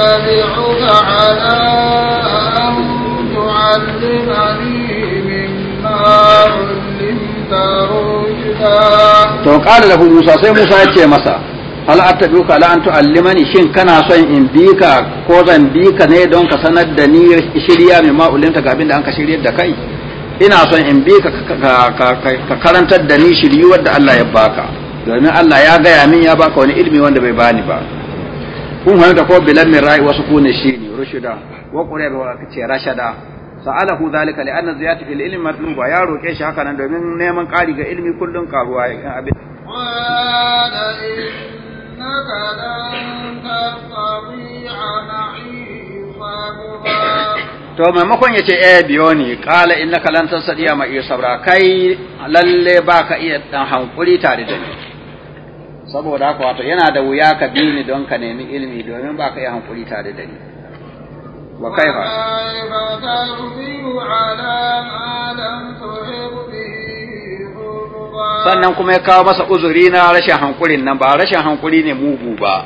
أتبعك على أن تعلمني مما علمت رشدا to kala lahu Musa sai Musa ya ce masa hal attabiuka ala an tuallimani shin kana son in bi ka ko zan bi ka ne don ka sanar da ni shirya ga da an da kai ina son in bi ka ka karantar da ni shiryuwar da Allah ya baka domin Allah ya gaya min ya baka wani ilimi wanda bai bani ba kun hanta ko bilan min ra'i wasu kuna shi ne rushida wa ce wa kace rashada sa'alahu zalika li anna ziyati fil ilmi matluba ya roke shi haka nan domin neman ƙari ga ilmi kullun karuwa ya abin To maimakon ya ce eh biyo ne kala innaka lan tasdiya ma iya sabra kai lalle ka iya dan hankuri tare da ni saboda haka wato yana da wuya ka bi ni don ka nemi ilimi domin ba ka yi hankuri tare da ni wa kaifa sannan kuma ya kawo masa uzuri na rashin hankulin nan ba rashin hankuli ne mugu ba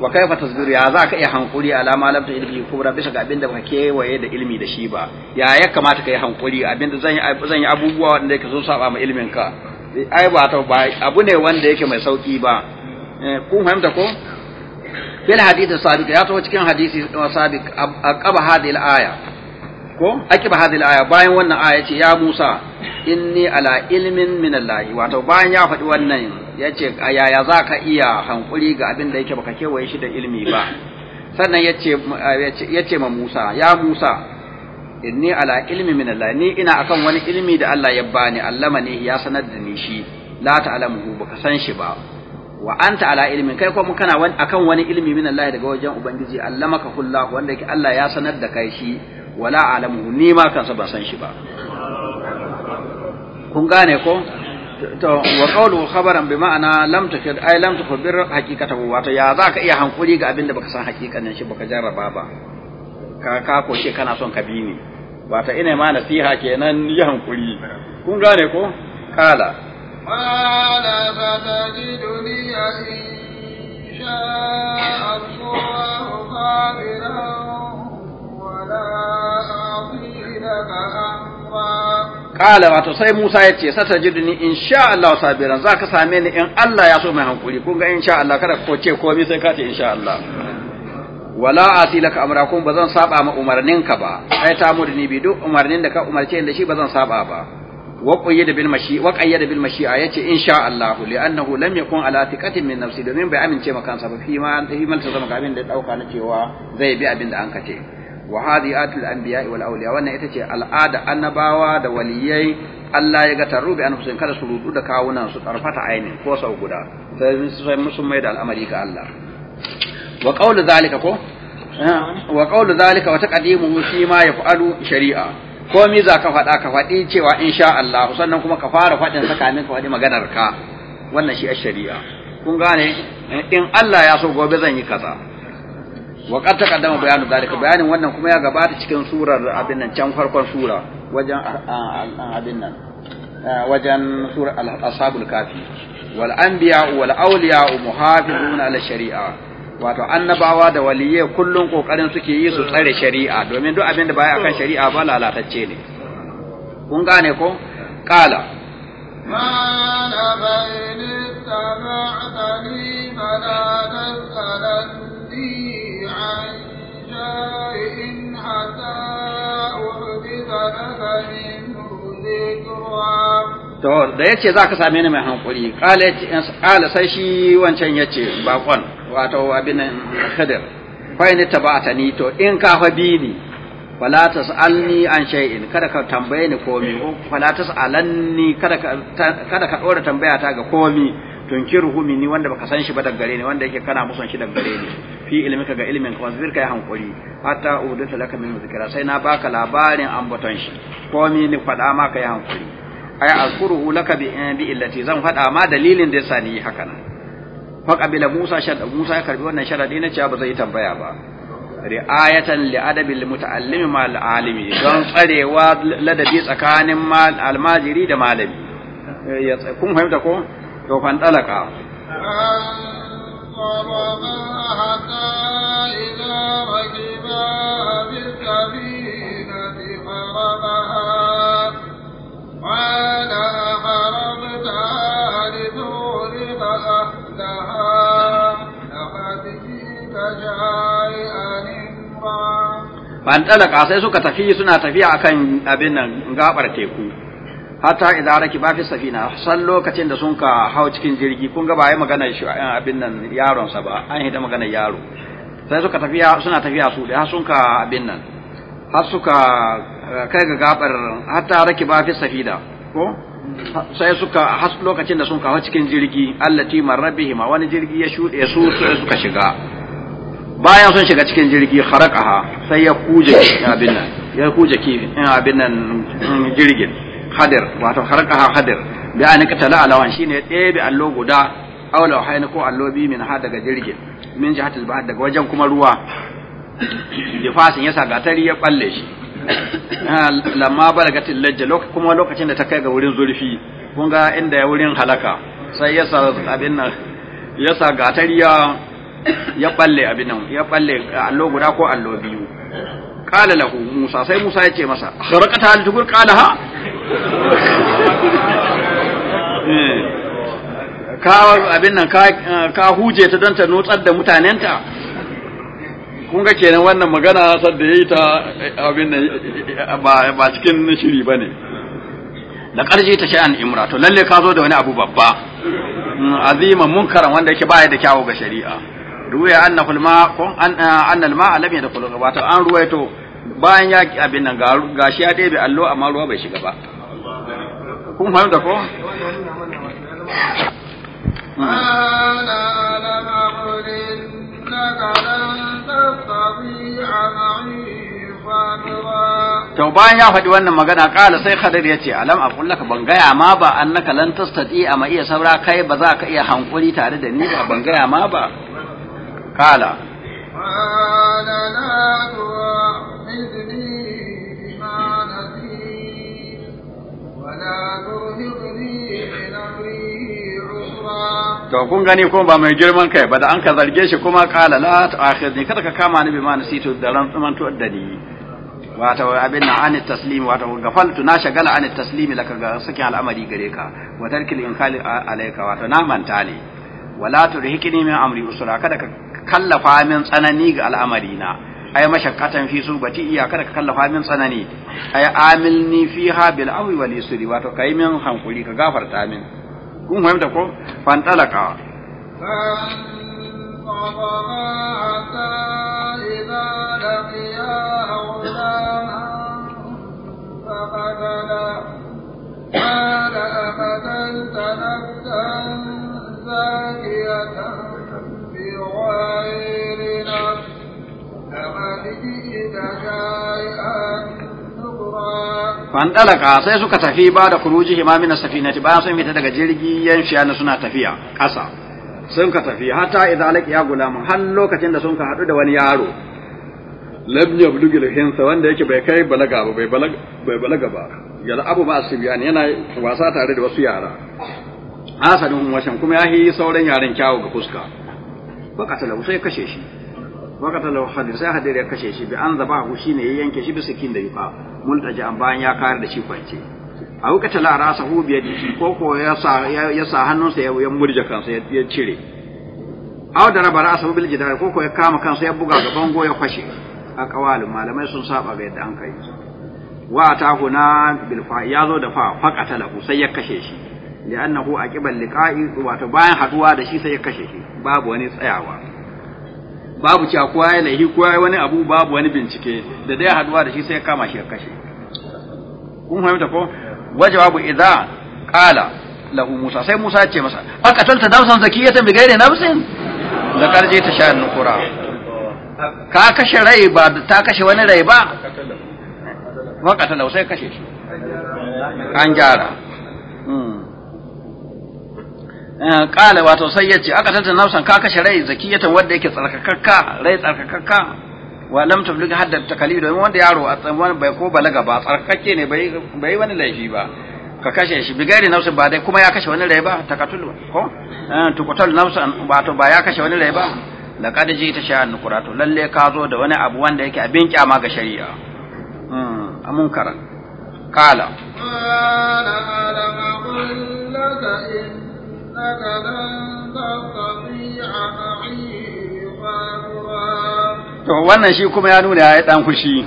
wa kaifa tasbiru ya za ka iya hankuri ala ma lam ilmi kubra bisa ga abinda baka kewaye da ilmi da shi ba ya ya kamata ka yi hankuli abinda zan yi abubuwa wanda ka so saba ma ilimin ka ai ba ta ba abu ne wanda yake mai sauki ba eh, kun fahimta ko fil hadith sabiq ya to cikin hadisi sabiq aqaba hadhihi al-aya ko aqaba hadhihi al-aya bayan wannan aya ce ya Musa inni ala ilmin min Allah wato bayan ya faɗi wannan yace za zaka iya hankuri ga abin da yake baka kewaye shi da ilmi ba sannan yace yace ma Musa ya Musa inni ala ilmi min Allah ni ina akan wani ilmi da Allah ya bani allama ne ya sanar da ni shi la ta'lamu baka san shi ba wa anta ala ilmin kai kuma kana wani akan wani ilmi min Allah daga wajen ubangiji allamaka kullahu wanda yake Allah ya sanar da kai shi wala alamu ni ma kansa ba san shi ba kun gane ko to wa qawlu khabaran bi ma'ana lam takid ay lam tukhbir haqiqatahu wato ya zaka iya hankuri ga abin da baka san haqiqanin shi baka jarraba ba ka ka koshe kana son ka bi ni wata ina ma nasiha kenan yi hankuri kun gane ko kala qala satajiduni insha Allah sabiran wala aqilaka amra kala wato sai Musa ya ce satajiduni insha Allah sabiran zaka same ni in Allah ya so mai hankuri kun ga insha Allah kada ko ce komai sai ka ce insha Allah wala asi laka amrakum bazan saba ma umarninka ba ai ta mudni bi duk umarnin da ka umarce da shi bazan saba ba wa qayyada bil mashi wa qayyada bil mashi'a yace insha Allah li annahu lam yakun ala thiqatin min nafsi domin bai amince maka kansa ba fi ma fi man tazama ga abin da dauka na cewa zai bi abin da an kace wa hadhi atul anbiya wal awliya wannan ita ce al'ada annabawa da waliyai Allah ya ga tarubi an husain kada su rudu da kawunan su tarfata aini ko sau guda sai sun mai da al'amari ga Allah wa qawlu zalika ko wa qawlu zalika wa taqdimu shi ma yaf'alu shari'a komi za ka faɗa ka faɗi cewa insha Allah sannan kuma ka fara faɗin sakamin ka faɗi maganar ka wannan shi a shari'a kun gane in Allah ya so gobe zan yi kaza wa qad taqaddama bayanu zalika bayanin wannan kuma ya gabata cikin surar abin nan can farkon sura wajen abin nan wajen surar ashabul kafi wal anbiya wal awliya muhafizuna ala shari'a wato annabawa da waliyai kullum kokarin suke yi su tsare shari'a domin duk abin da baya akan shari'a ba lalatacce ne kun gane ko qala ma na to da yace zaka same ni mai hankuri qala qala sai shi wancan yace bakon wato abin khadir fa ni tabata ni to in ka fa bi ni wala tasalni an shay'in kada ka tambaye ni komi wala tasalanni kada ka kada ka dora tambaya ta ga komi tunkiruhu minni wanda baka san shi ba daga gare ni wanda yake kana musan shi daga gare ni fi ka ga ilmin ka wazir kai hankuri hatta udata laka min zikra sai na baka labarin ambaton shi komi ni fada ma kai hankuri ai azkuruhu laka bi bi illati zan fada ma dalilin da yasa ni haka nan faqabila Musa sharda Musa ya karbi wannan sharadi na cewa ba zai tambaya ba ri'ayatan li adabi al muta'allimi ma al alimi don tsarewa ladabi tsakanin al majiri da malami eh, kun fahimta ko to fan talaka حتى Ban fantalaka sai suka tafi suna tafiya akan abin nan gabar teku hatta idan raki ba fi safina san lokacin da sun ka hau cikin jirgi kun ga bai magana shi abin nan yaron sa ba an hita magana yaro sai suka tafiya suna tafiya su da sun ka abin nan har suka kai ga gabar hatta raki ba fi safida, ko sai suka has lokacin da sun kawo cikin jirgi allati marrabihima wani jirgi ya shuɗe su suka shiga bayan sun shiga cikin jirgi kharaqaha sai ya kuje abin nan ya kuje kifin eh, abin nan mm, jirgin hadir wato kharaqaha hadir bi an ala alawan shine ya bi allo guda aula hayna ko allo bi min ha daga jirgin min jihatul bahar daga wajen kuma ruwa difasin ya sa gatari ya balle shi lamma balagatil lajja kuma lokacin da ta kai ga wurin zurfi kun ga inda ya wurin halaka sai ya sa abin nan ya sa gatari ya ya balle abin nan ya balle allo guda ko allo biyu qala lahu musa sai musa ya ce masa harakata al-jugur qala ha eh. ka abin nan ka huje ta don ta nutsar da ta kun ga kenan wannan magana sar da yayi ta abin nan ba cikin shiri bane da karje ta sha'an imra to lalle ka zo da wani abu babba mm, azima munkaran wanda yake baya da kyawu ga shari'a ruwaya annahu alma kun anna alma lam yadkhul wato an ruwaito bayan ya abin nan ga gashi ya ɗebe allo amma ruwa bai shiga ba kun fahimta ko قال لم أقل إنك لن To bayan ya faɗi wannan magana ƙala sai Khadir ya ce alam akullaka ban gaya ma ba annaka lan tastati amma iya saura kai ba za ka iya hankuri tare da ni ba ban gaya ma ba Kala to kun gani kuma ba mai girman kai ba da an ka zarge shi kuma kala la tu'akhidni kada ka kama ni ma nasitu da ran tsamanto da ni wato abin na anit taslim wato gafaltu na shagala anit taslim laka ga sakin al'amari gare ka wa tarkil inkali alayka wato na manta ne wala turhikni min amri usra kada ka kallafa min tsanani ga al'amari na ay mashakkatan fi subati iya kada ka kallafa min tsanani ay amilni fiha bil awi wal yusri wato kai min hankuri ka gafarta min kun fahimta ko fantalaka بغير نفس كما تجد جائعا fandalaka sai suka tafi ba da kuruji himamina safinati bayan sun fita daga jirgi yan na suna tafiya ƙasa sun ka tafi hatta idza laqiya gulamun har lokacin da sun ka hadu da wani yaro lam yablugil hinsa wanda yake bai kai balaga ba bai balaga bai balaga ba yala abu ba asibiyani yana wasa tare da wasu yara hasadun washan kuma yahi sauran yaran kyawu ga fuska fa qatalahu sai kashe shi wakata lahu hadir sai hadir ya kashe shi bi an zaba hu shine ya yanke shi bisa kin da yuka multaji an bayan ya kare da shi kwance a wakata la rasa hu bi yadi ko ko ya sa ya sa hannunsa ya murje kansa ya cire aw da raba rasa bil jidar ko ko ya kama kansa ya buga ga bango ya kwashe a kawalin malamai sun saba ga yadda an kai wa ta huna bil fa ya zo da fa faqata lahu sai ya kashe shi annahu aqibal liqa'i wato bayan haduwa da shi sai ya kashe shi babu wani tsayawa babu cewa kowa ya laihi kowa wani abu babu wani bincike da dai haduwa da shi sai kama shi ya kashe kun fahimta ko wajabu idza qala lahu musa sai musa ya ce masa aka talta nafsan zakiyatan bi ghairi nafsin da karje ta sha nukura ka kashe rai ba ta kashe wani rai ba wa qatala sai kashe shi an gyara Eh, kala wato sai ce aka tanta nafsan ka kashe rai zakiyatan wanda yake tsarkakakka rai tsarkakakka wa lam tabligh hadda takalif don wanda yaro a tsamman bai ko balaga ba tsarkakke ne bai bai wani laifi ba ka kashe shi bi gairi nafsin ba dai kuma ya kashe wani rai ba takatul ko eh, tukutul nafsan wato ba ya kashe wani rai ba laqad jita sha'an quratu lalle ka zo da wani abu wanda yake abin kyama ga shari'a hmm, amun karan kala To wannan shi kuma ya nuna ya yi ɗan kushi,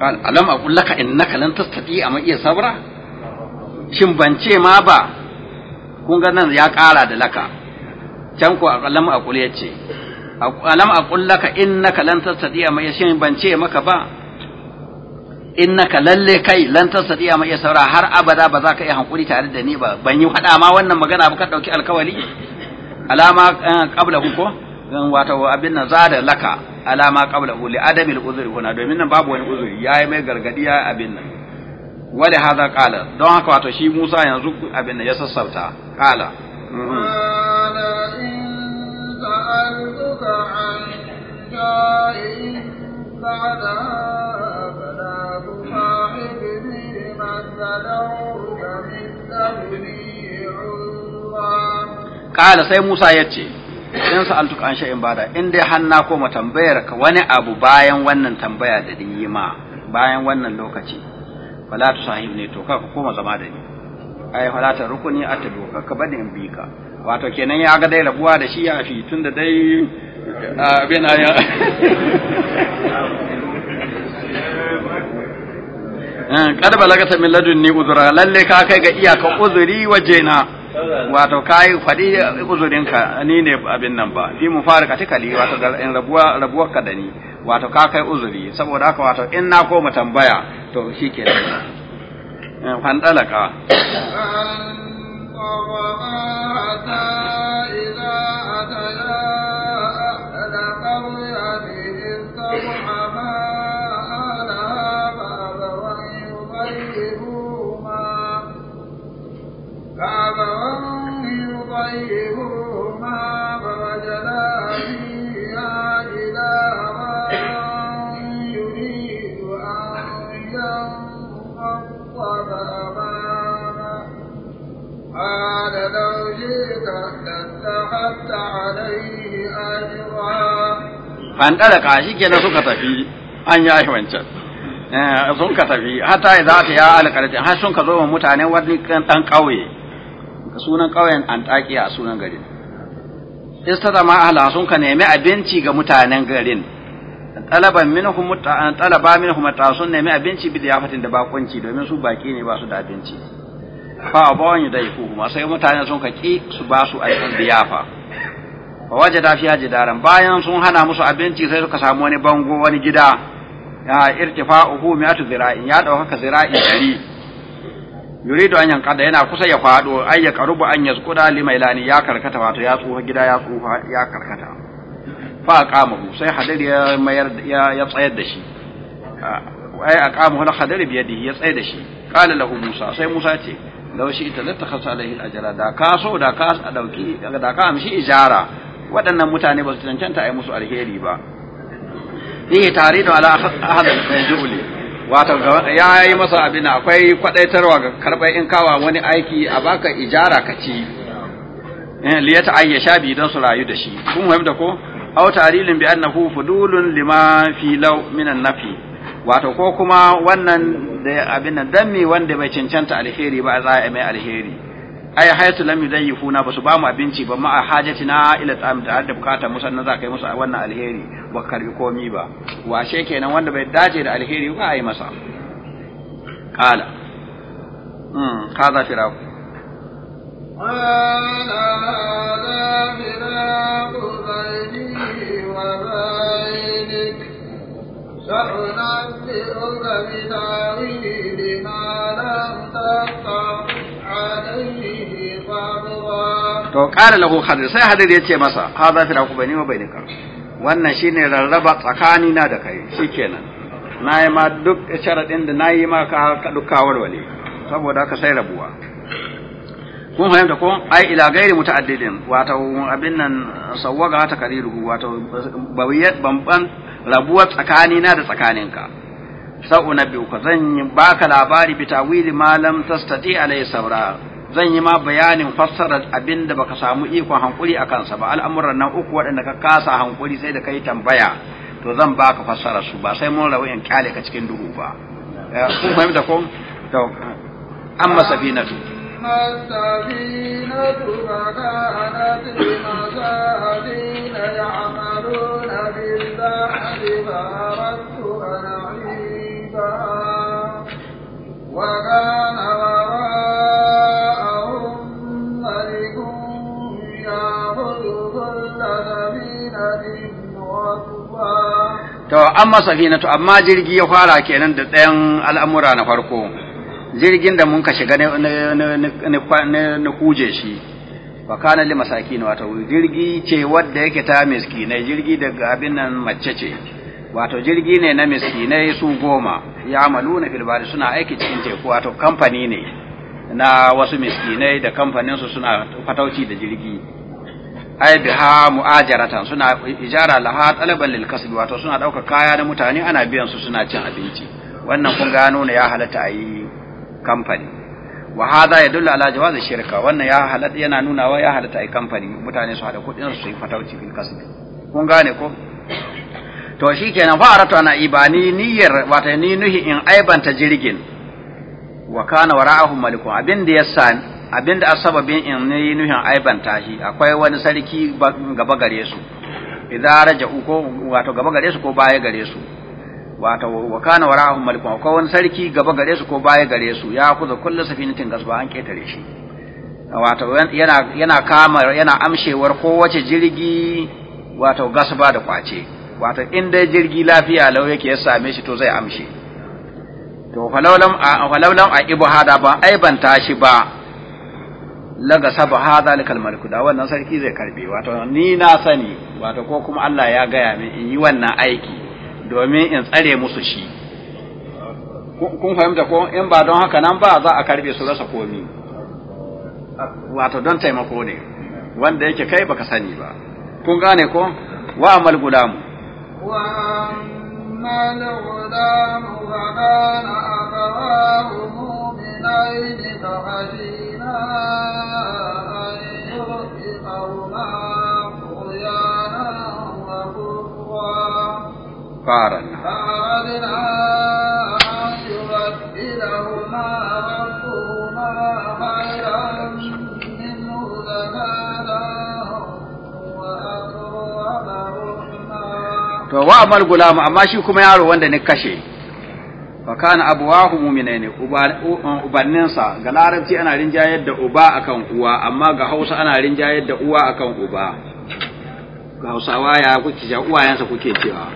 alam a kullaka innaka lan tastati a iya sabra? Shin ban ce ma ba, kun ga nan ya ƙara da laka, can ko alam a kul ya ce, alam a kullaka innaka lan tastati a iya shin ban ce maka ba, innaka lalle kai lan tasdiya mai iya saura har abada ba za ka iya hankuri tare da ni ba ban yi hada ma wannan magana ba ka dauki alkawali alama eh, qabla ko wato abin nan zada laka alama qabla li adami al-uzri huna domin nan babu wani uzuri yayi mai gargadiya abin nan wali haza qala don haka wato shi Musa yanzu abin nan ya sassauta qala qala in an Kala sai Musa ya ce, in دونه عذرا in an sha'in bada in dai hanna na koma tambayar ka wani abu bayan wannan tambaya da yi ma bayan wannan lokaci wala tu sahib ne to ka koma zama da ni ai wala ta rukuni atabu ka bada in bi ka wato kenan ya ga dai rabuwa da shi ya fi tunda dai abin ah, a ah, ya ah, kad balagata min ni uzura lalle ka kai ga iyaka uzuri wajena wato kai fadi uzurinka ni ne abin nan ba fi mufarikati kali wato ga in rabuwa rabuwa ka da ni wato ka kai uzuri saboda haka wato in na koma tambaya to shikenan eh, ɗalaka. fandaraka shi kenan suka tafi an ya yashi wancan eh, sun ka tafi hata za ta ya alƙarfi har sun ka zo wa mutane wani ɗan ƙauye sunan ƙauyen antakiya a sunan garin ista zama ahla sun ka nemi abinci ga mutanen garin talaban minhum talaba minhum sun nemi abinci bi diyafatin da bakunci domin su baki ne ba su da abinci fa abawan yudaifu kuma sai mutane sun ka ki su ba su aikin diyafa fa da fiya jidaran bayan sun hana musu abinci sai suka samu wani bango wani gida ya irtifa'uhu mi'atu zira'in ya dauka zira'in dari yuridu an da yana kusa ya fado ay ya qarubu an yazquda limailani ya karkata wato ya tsufa gida ya tsufa ya karkata fa qamahu sai hadari ya mayar ya tsayar da shi ay aqamahu la hadari biyadi ya tsayar da shi qala lahu musa sai musa ce law shi ita lattakhasa alaihi ajra da ka so da ka dauki da ka amshi ijara waɗannan mutane ba su cancanta a yi musu alheri ba fihi taridu ala ahad al-ju'li wato ya yi masa abin akwai kwadaitarwa ga karɓar in kawa wani aiki a baka ijara ka ci eh, liyata ayyasha bi don su rayu da shi kun fahimta ko aw ta'lilin bi annahu fudulun lima fi law min nafi wato ko kuma wannan da abin nan dan wanda bai cancanta alheri ba za a mai alheri ai hayatu lam yudayyifuna basu ba mu abinci ba ma hajatina ila tsam da da bukata musan nan za kai musu wannan alheri ba karbi komi ba washe kenan wanda bai dace da alheri ba ai masa kala hmm kaza firaq qala la firaq bayni wa bainik sa'unabbi'uka bi ta'wili ma lam to qala lahu khadir sai hadir ya ce masa ku bai bayni wa nika. wannan shine rarraba tsakani na da kai shikenan nayi ma duk sharadin da nayi ma ka ka dukawar wale saboda ka sai rabuwa kun fahimta ko ai ila gairi muta'addidin wato abin nan sawwaga ta kariru wato bawiyat bamban rabuwa tsakani na da tsakaninka sa'una biyu ka zan yi baka labari bi tawili malam tastati alai sabra zan yi ma bayanin fassarar abin da baka samu ikon hankuri a kansa ba al'amuran nan uku waɗanda ka kasa hankuri sai da kai tambaya to zan baka fassara su ba sai mun rawayin kyale ka cikin duhu ba eh, kun fahimta ko to amma safinatu to amma to, amma jirgi ya fara kenan da ɗayan al'amura na farko jirgin da mun ka shiga na kuje shi wa kana li masakin wato jirgi ce wadda yake ta miskinai jirgi daga abin nan mace ce wato jirgi ne na miskinai su goma ya maluna fil bari suna aiki cikin teku wato kamfani ne na wasu miskinai da kamfaninsu suna fatauci da jirgi ai biha mu'ajaratan suna ijara laha talaban lil kasb wato suna dauka kaya na mutane ana biyan su suna cin abinci wannan kun gano ne ya halatta a yi kamfani wa hadha yadullu ala jawazi shirka wannan ya halatta yana nuna wa ya halatta a yi kamfani mutane su hada kudin su yi fatauci fil kasb kun gane ko to shikenan fa aratu ana ibani niyyar wato ni nuhi in aibanta jirgin wa kana wara'ahum malikun abin da ya sani abinda asababin in ne nuhin aiban shi akwai wani sarki gaba gare su idan raja ko wato gaba gare su ko baya gare su wato wa kana wara'ahum malikun akwai wani sarki gaba gare su ko baya gare su ya kuza kullu safinatin gasba an ketare shi wato yana yana kama yana amshewar kowace jirgi wato gasba da kwace wato in dai jirgi lafiya lau yake ya same shi to zai amshe to falawlam a falaulam a ibu hada ba aiban shi ba laga sabu ha zalikal maliku da wannan sarki zai karbe wato ni na sani wato ko kuma Allah ya gaya min in yi wannan aiki domin in tsare musu shi kun fahimta ko in ba don haka nan ba za a karbe su rasa komi wato don taimako ne wanda yake kai baka sani ba kun gane ko wa amal gulam wa amal gulam wa kana abawahu mu'minain fa فارن To wa amal amma shi kuma yaro wanda ni kashe fakana kana abuwahu mu'minaini uh, ubanninsa ga larabci ana rinjayar da uba akan uwa amma ga hausa ana rinjayar da uwa akan uba ga hausawa ya kuke ja uwayensa kuke cewa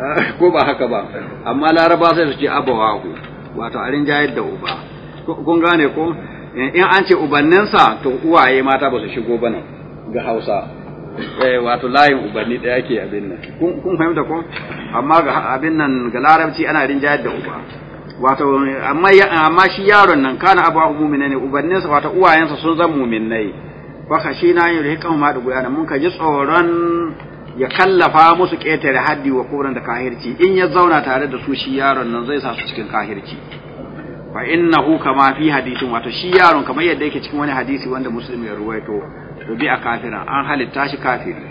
ko ba haka ba amma laraba sai su ce abawahu wato a rinjayar da uba kun gane ko eh, in an ce ubanninsa to uwaye mata ba su shigo bane ga hausa Eh, wato layin ubanni da yake abin nan kun fahimta ko amma ga abin nan ga larabci ana rinjayar da uba wato amma amma shi yaron nan kana abu mu'mina ne ubanninsa wato uwayensa sun zama mu'minai fa yin yurhiqahum ma da guyana mun ka ji tsoron ya kallafa musu ƙetare haddi wa kuran da kahirci in ya zauna tare da su shi yaron nan zai sa su cikin kahirci fa innahu kama fi hadisin wato shi yaron kamar yadda yake cikin wani hadisi wanda muslim ya ruwaito bi a kafira an halitta shi kafiri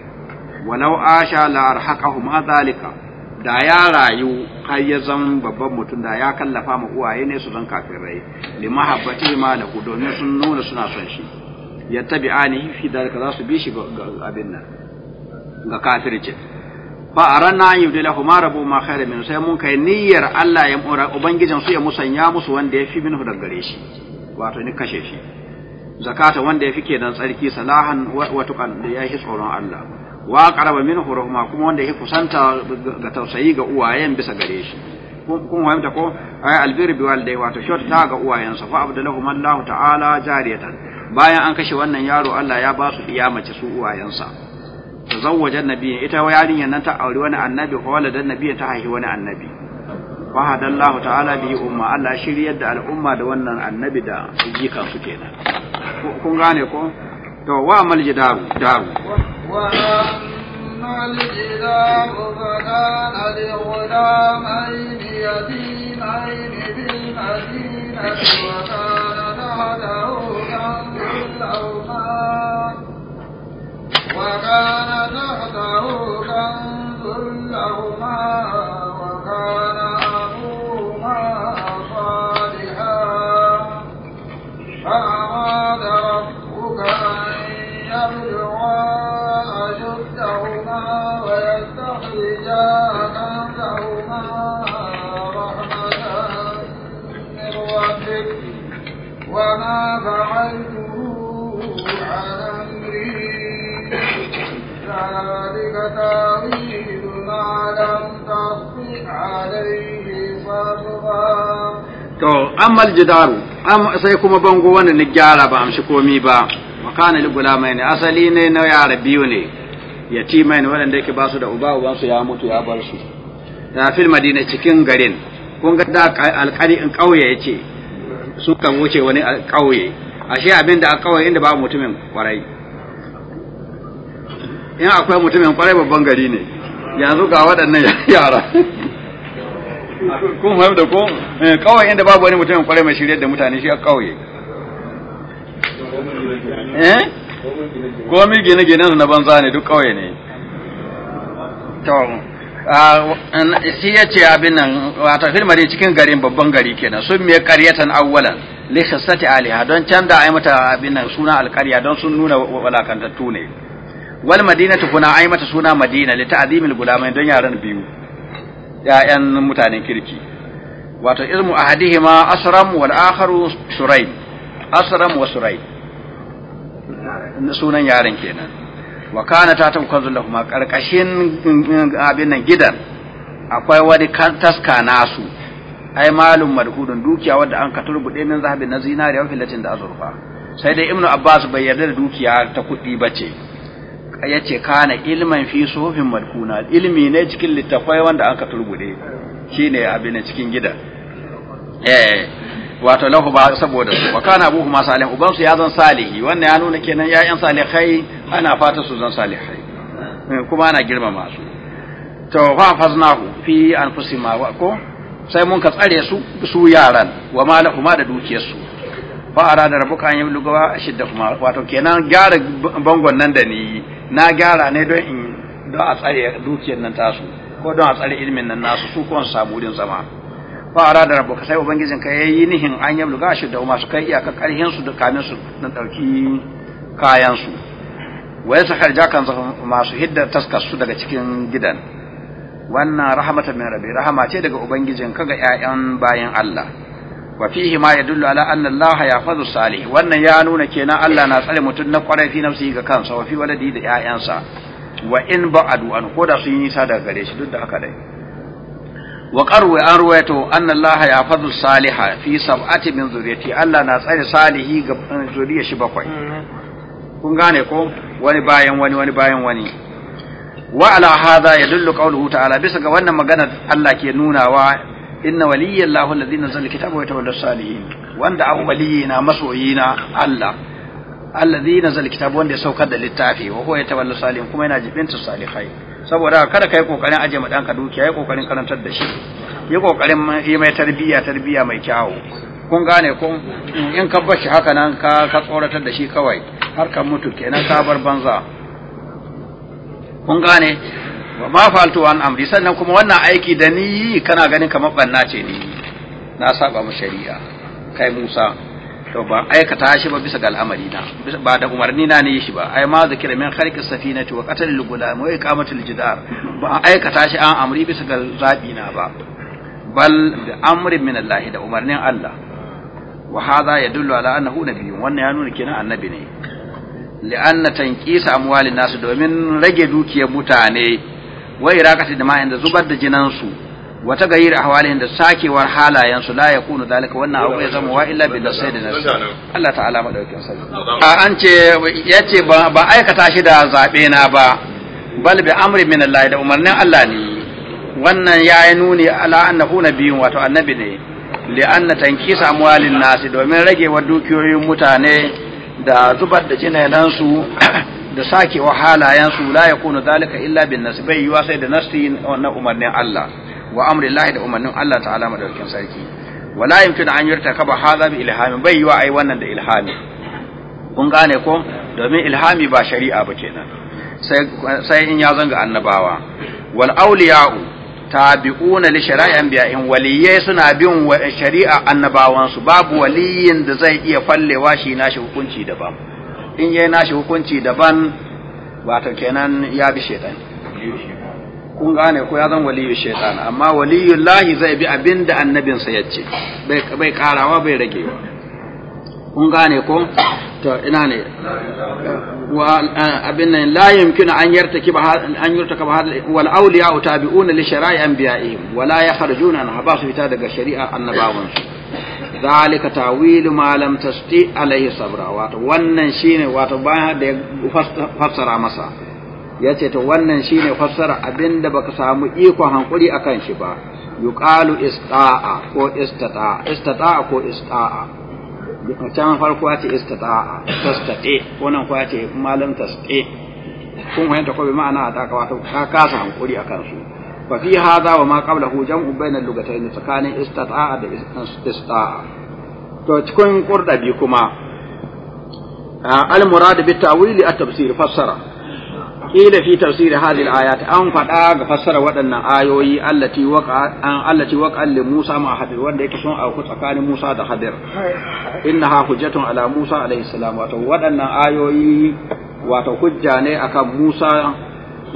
walau asha la arhaqahu ma da ya rayu har ya zan babban mutum da ya kallafa ma uwaye ne su zan kafirai li mahabbati ma da ku domin sun nuna suna son shi ya tabi ani fi dalika za su bi shi ga abin nan ga kafirci fa arana an huma rabu ma khairu min sai mun kai niyyar Allah ya mura ubangijin su ya musanya musu wanda ya fi minhu daga gare shi wato ni kashe shi zakata wanda ya fi dan tsarki salahan wa tuqan da ya yi tsoron Allah wa qaraba min rahma kuma wanda ya kusanta ga tausayi ga uwayen bisa gare shi kun fahimta ko ay albir bi walidai wato ta ga uwayen sa fa abdalahu Allah ta'ala jariyatan bayan an kashe wannan yaro Allah ya ba su mace su uwayen sa tazawwaja nabiyyi ita yarinyar nan ta auri wani annabi ko waladan nabiyyi ta haihi wani annabi fahada Allah ta'ala bi umma Allah shiryar da al'umma da wannan annabi da jikan su kenan kun gane ko to wa mal jidaru daru wa mal jidaru fadana li ghulamayn bil wa kana nahdahu wa kana nahdahu wa kana تاويل ما لم تستطع عليه صبرا to amal jidaru am sai kuma bango wanda ni gyara ba amshi komi ba makana li gulamai ne asali ne na yara biyu ne yatimai ne waɗanda yake ba su da uba uban su ya mutu ya bar su na fil madina cikin garin kun ga da alƙari in ƙauye yace su kan wuce wani ƙauye ashe abin da a ƙauye inda ba mutumin kwarai in akwai mutumin kwarai babban gari ne yanzu ga waɗannan yara kun da kun eh, kawai inda babu wani mutumin kwarai mai shirya da mutane shi a kawai eh komi gine gine na banza ne duk kawai ne shi ya ce abin nan wata filmari cikin garin babban gari kenan sun mai karyatan awwalan sati aliha don canza a yi mata abin nan suna Alkariya don sun nuna walakantattu ne wal madinatu kuna ai mata suna madina li ta'zimil gulamai don yaran biyu Yayan mutanen kirki wato ilmu ahadihima asram wal akharu surayn asram wa surayn sunan yaran kenan wa kana ta ta kanzu lahum karkashin mm, abin nan gidan akwai wani taska nasu ai malum madhudun dukiya wadda an ka turbude min zahabin na zinariya filatin da azurfa sai dai ibnu abbas bai yarda da dukiya ta kuɗi bace ya ce kana ilman fi sufin madkuna ilmi ne cikin littafai wanda an ka shi ne abin cikin gida eh wato lahu ba saboda su wa kana abuhu ma salihu uban su ya zan salihi wannan ya nuna kenan ya'yan salihai ana fata su zan salihai eh, kuma ana girmama su to fa faznahu fi wa ko sai mun ka tsare su su yaran wa ma da dukiyarsu fa yin lugawa a shidda kuma wato kenan gyara bangon nan da ni na gyara ne don in don a tsare dukiyar nan tasu ko don a tsare ilimin nan nasu su kuma su samu wurin zama fa ranar rabbuka sai ubangijin ka yayi nihin an shidda kuma su kai iyakar karhin su da kamin su na dauki kayan su harja kan jakan masu hidda taskar su daga cikin gidan wannan rahmatan min rabbi rahama ce daga ubangijin ka ga ƴaƴan bayan Allah wa fihi ma yadullu ala anna Allah yahfazu salih wannan ya nuna kenan Allah na tsare mutum na kwarai fi nafsi ga kansa wa fi waladi da ƴaƴansa wa in ba'adu an koda sun yi nisa daga gare shi duk da haka dai wa qaru an ruwaito anna ya yahfazu saliha fi sab'ati min zuriyati Allah na tsare salihi ga eh, zuriyar shi bakwai kun gane ko wani bayan wani wani bayan wani wa ala hadha yadullu qawluhu ta'ala bisa ga wannan magana Allah ke nunawa inna waliyallahu alladhi nazzala alkitaba wa yatawalla salihin wanda abu waliyina masoyina Allah alladhi nazzala alkitaba wanda ya saukar da littafi wa huwa yatawalla salihin kuma yana jibinta salihai saboda kada kai kokarin aje madan ka dukiya yi kokarin karantar da shi yi kokarin yi mai tarbiya tarbiya mai kyau kun gane kun in ka bar shi haka nan ka ka tsoratar da shi kawai har kan mutu kenan ka bar banza kun gane ma faltu an amri sannan kuma wannan aiki da ni yi kana ganin kamar banna ce ni na saba mu shari'a kai Musa to ba aikata shi ba bisa ga al'amari na ba da umarni na ne shi ba ai ma zikira min khalqis safinati wa qatl al-gulam wa iqamatul jidar ba aikata shi an amri bisa ga zabi na ba bal bi amrin min Allah da umarnin Allah wa hadha yadullu ala annahu nabiyyun wannan ya nuna kenan annabi ne li'anna tanqisa amwalin nasu domin rage dukiyar mutane wa iraqati dama'in da zubar da jinan su wa tagayyir ahwalin da sakewar halayen su la yakunu zalika wannan abu ya zama wa illa bi nasai da nafsi Allah ta'ala madaukin a an ce yace ba ba aikata shi da zabe na ba bal bi amri min Allah da umarnin Allah ne wannan ya yi nuni ala annahu nabiyyun wato annabi ne anna tankisa amwalin nasi domin ragewar dukiyoyin mutane da zubar da su da sake wa halayensu la yakunu zalika illa bin nas bai yiwa sai da nasi na umarnin Allah wa amri Allah da umarnin Allah ta'ala madaukin sarki wala yumkin an yurtakaba hadha bi ilhami bai yiwa ai wannan da ilhami kun gane ko domin ilhami ba shari'a ba kenan sai sai in ya zanga annabawa wal awliya'u tabi'una li shari'an in waliyai suna bin shari'a annabawansu babu waliyin da zai iya fallewa shi nashi hukunci daban in yayi nashi hukunci daban wato kenan ya bi shaitan kun gane ko ya zan waliyu shaitan amma waliyu lahi zai bi abin da annabinsa ya ce bai karawa bai ragewa kun gane ko to ina ne wa abin nan la yumkinu an yartaki ba an yurtaka ba wal awliya tabi'una li shara'i anbiya'ihim wala la yakhrujuna an habasu fita daga shari'a annabawansu zalika tawilu ma lam tasti alaihi sabra wato wannan shine wato bayan da ya fassara masa yace to wannan shine fassara abinda baka samu iko hankuri akan shi ba yuqalu ista'a ko istata'a istata'a ko ista'a can farko ce istata'a tastate nan kuwa ce malam tastate kun wayanta ko bi ma'ana a taka wato ka kasa hankuri akan su fa fi hadha wa ma qablahu jam'u bainal lugatayn tsakanin istata'a da ista'a to cikin qurdabi kuma al murad bi ta'wili at tafsir fassara qila fi tafsir hadhihi al an faɗa ga fassara waɗannan ayoyi allati waqa an allati waqa li Musa ma Hadir wanda yake son tsakanin Musa da Hadir innaha hujjatun ala Musa alayhi wato waɗannan ayoyi wato hujja ne akan Musa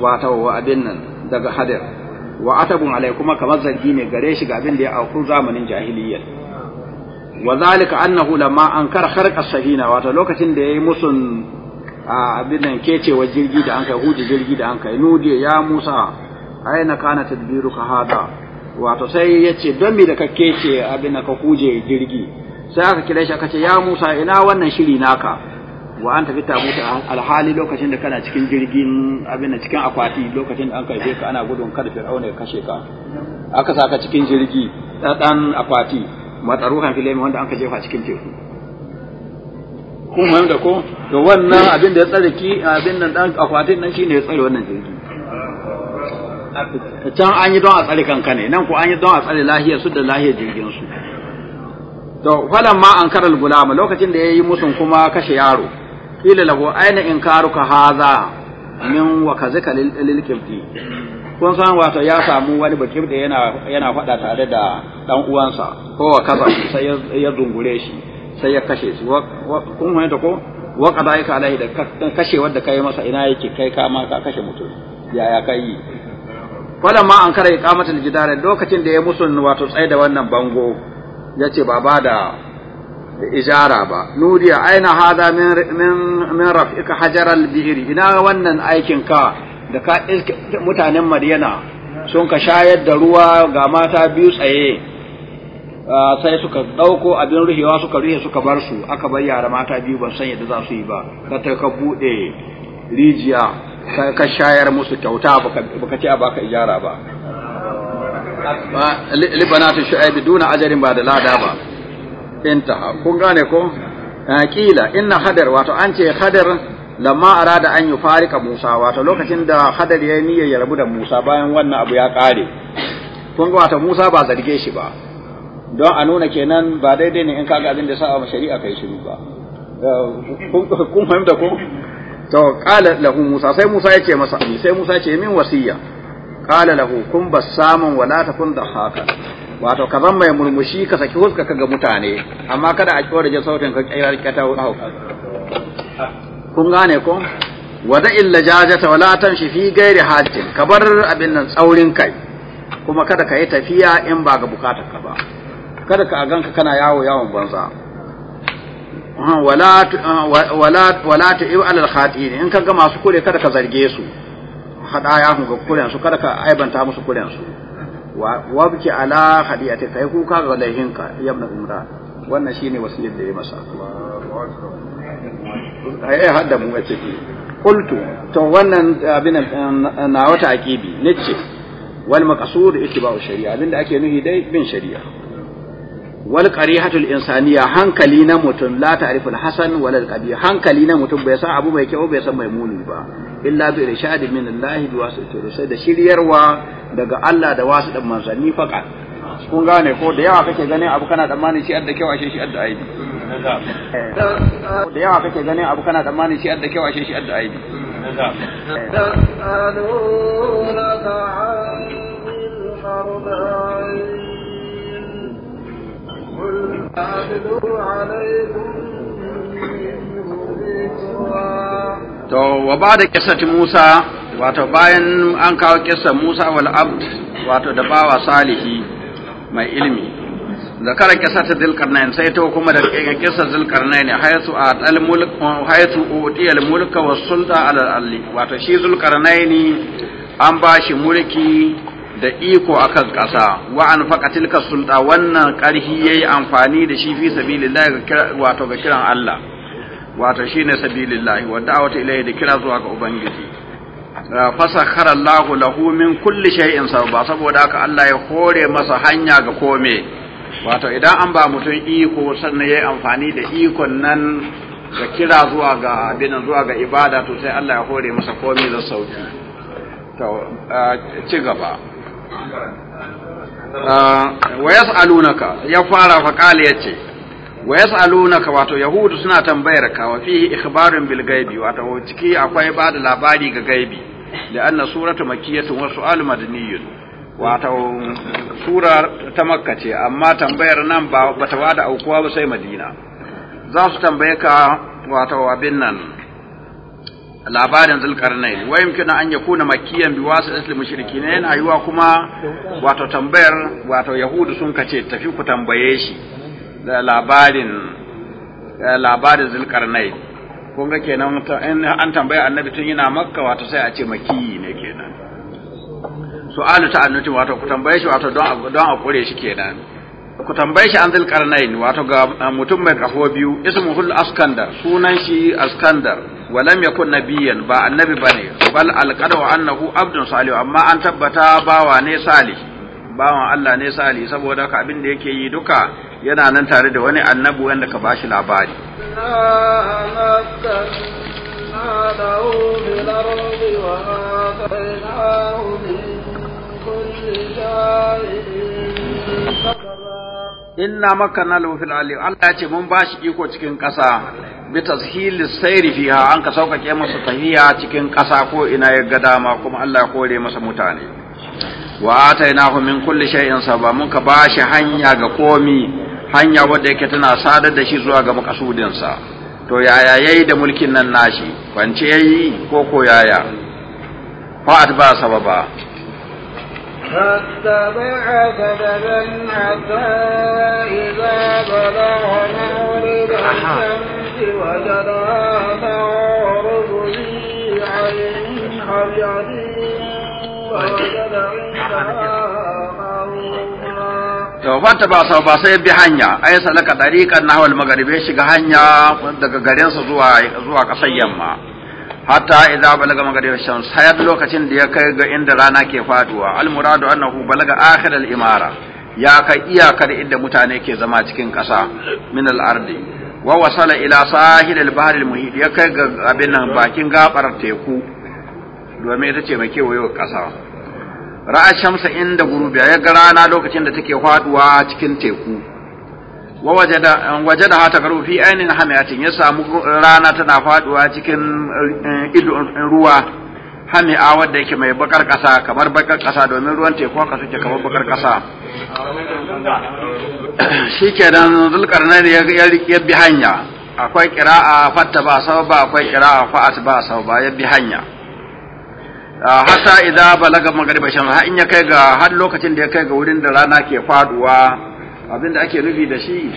wato abin nan daga Hadir wa atabun alai kuma kamar zargi ne gare shi ga abin da ya auku zamanin jahiliyyar wa zalika annahu lamma ankara kharqa safina wato lokacin da yayi musun abin nan kecewa jirgi da an kai huji jirgi da an kai nudi ya Musa aina kana tadbiruka hada wato sai yace don me da ka kece abin ka huje jirgi sai aka kira shi aka ce ya Musa ina wannan shiri naka wa an tafi tabuta alhali lokacin da kana cikin jirgin abin da cikin akwati lokacin da an karfe ka ana gudun kada fir'auna ya kashe ka aka saka cikin jirgi dan akwati matsaruhan filemi wanda an ka jefa cikin teku kun mu da ko to wannan abin da ya tsare ki abin nan dan akwatin nan shine ya tsare wannan jirgi can an yi don a tsare kanka ne nan ko an yi don a tsare lahiyar su da lahiyar jirgin su to falan ma an karal gulama lokacin da ya yi musun kuma kashe yaro qila lagu aina inkaruka hadha min wa ka lil qibti kun san wato ya samu wani bakim da yana yana faɗa tare da dan uwansa ko wa kaza sai ya zungure shi sai ya kashe shi kun mai da ko wa qadaika alai da kashe wanda kai masa ina yake kai ka ma ka kashe mutum yaya kai wala ma an kare iqamatul jidar lokacin da ya musun wato tsaye da wannan bango yace ba ba da ijara ba nuriya aina hada min min rafika hajar bihri ina wannan aikin ka da ka mutanen madiyana sun ka shayar da ruwa ga mata biyu tsaye sai suka dauko abin ruhewa suka ruhe suka bar su aka bar yara mata biyu ban san yadda za su yi ba ka ta ka bude rijiya ka shayar musu kyauta baka ce a baka ijara ba libanatu shu'aibi duna ajarin ba da lada ba Inta, kun gane ko eh, kila inna hadar wato an ce hadar lamma arada an yi farika Musa wato lokacin da hadar ya niyyar ya rabu da Musa bayan wannan abu ya kare kun ga wato Musa ba zarge shi ba don a nuna kenan ba daidai ne in kaga abin da sa'a shari'a kai shiru ba eh, kun fahimta ko to qala lahu Musa sai Musa ya ce masa sai Musa ya ce min wasiya qala lahu kun samun wala takun da haka wato ka zama mai murmushi ka saki huska ka ga mutane amma kada a kiwar da sautin ka kira ka ta hau kun gane ko wada illa jajata wala tamshi fi ghairi hajjin ka bar abin nan tsaurin kai kuma kada ka yi tafiya in ba ga bukatar ka ba kada ka ganka kana yawo yawon banza wala wala wala tu'ib alal khatin in ka ga masu kure kada ka zarge su hada ya ga kuren su kada ka aibanta musu kuren su wabki ala hadiyati kai kuka ga laihinka yabna umra wannan shine wasiyar da ya masa ai hadda mu wace ki qultu to wannan abin eh, na wata aqibi nace wal maqsud ittiba'u shari'a da ake nuhi dai bin shari'a wal qarihatul insaniya hankali na mutum la ta'rifu al hasan wal hankali na mutum bai san abu mai kyau bai san mai muni ba illa bi irshadi min Allah bi wasiti rusai da shiryarwa daga Allah da wasu dan manzanni faqat kun gane ko da yawa kake ganin abu kana tsammani shi adda kyau ashe shi adda aibi da yawa kake ganin abu kana tsammani shi adda kyau ashe shi adda aibi قل أعدل عليكم من ذكرى to wa ba da kisati Musa wato bayan an kawo kisar Musa wal abd wato da bawa salihi mai ilimi zakara kisata zulkarnain sai to kuma da kisar zulkarnain hayatu al mulk hayatu uti al mulka was sulta al alli wato shi zulkarnain an ba shi mulki da iko akan ƙasa wa an faqa tilka sulta wannan ƙarhi yayi amfani da shi fi sabilillah wato ga kiran Allah wato shine sabilillahi wa wata ilayhi da kira zuwa ga ubangiji fasakhara Allah lahu min kulli shay'in sabba saboda haka Allah ya hore masa hanya ga kome wato idan an ba mutum iko sannan yayi amfani da ikon nan da kira zuwa ga abin zuwa ga ibada to sai Allah ya hore masa komai da sauki to ci gaba wa yas'alunaka ya fara fa qala yace wa yas'alunaka wato yahudu suna tambayar ka wa fihi ikhbarun bil ghaibi wato ciki akwai ba da labari ga gaibi da anna suratu makkiyatu wa su'alu madaniyyun wato sura ta makka ce amma tambayar nan ba bata wada aukuwa ba sai madina za su tambaye ka wato abin nan labarin zulkarnain wa yumkinu an yakuna makkiyan bi wasitil mushrikin yana yiwa kuma wato tambayar wato yahudu sun kace tafi ku tambaye shi labarin labarin zulkarnai kun ga kenan in an tambaya annabi tun yana makka wato sai a ce maki ne kenan su'alu ta'annuti wato ku tambaye shi wato don don a kure shi kenan ku tambaye shi an zulkarnai wato ga uh, mutum mai kafo biyu al askandar sunan shi askandar walam yakun nabiyyan ba annabi bane bal wa annahu abdun salih amma an tabbata bawa ne salih bawan Allah ne salih saboda ka abin da yake yi duka yana nan tare da wani annabi wanda ka bashi labari inna makana lahu fil ali Allah ya ce mun bashi iko cikin ƙasa bi tashilis sayri fiha an ka sauƙaƙe masa tahiya cikin ƙasa ko ina ya ga dama kuma Allah ya kore masa mutane wa atainahu min kulli shay'in sababa mun ka bashi hanya ga komi hanya wadda yake tana sadar da shi zuwa ga makasudinsa to yaya yayi da mulkin nan nashi kwance yayi ko ko yaya fa ba sababa فاتبع سببا حتى wata ba sa ba sai bi hanya ai salaka tariqan nahwal maghrib ya shiga hanya daga garin zuwa zuwa kasar yamma hatta idza balaga maghrib shan sayar lokacin da ya kai ga inda rana ke faduwa al muradu annahu balaga akhir al imara ya kai iyakar inda mutane ke zama cikin kasa min al ardi wa wasala ila sahil al bahr al muhit ya kai ga abin nan bakin gabar teku domin ita ce mai kewayo kasa ra'a shamsa inda gurubiya ya ga rana lokacin da take faduwa cikin teku wa wajada wajada ha garu fi ainin hamiatin ya samu rana tana faduwa cikin eh, idon ruwa a wadda yake mai bakar kasa kamar bakar kasa domin ruwan teku haka suke kamar bakar kasa shikenan zulkarnain ya ya bi hanya akwai qira'a fatta ba sababa akwai qira'a fa'at ba sababa ya bi hanya Ah, hasa idza balaga magriba shan ha in ya kai ga har lokacin da ya kai ga wurin da rana ke faduwa abinda ake nufi da shi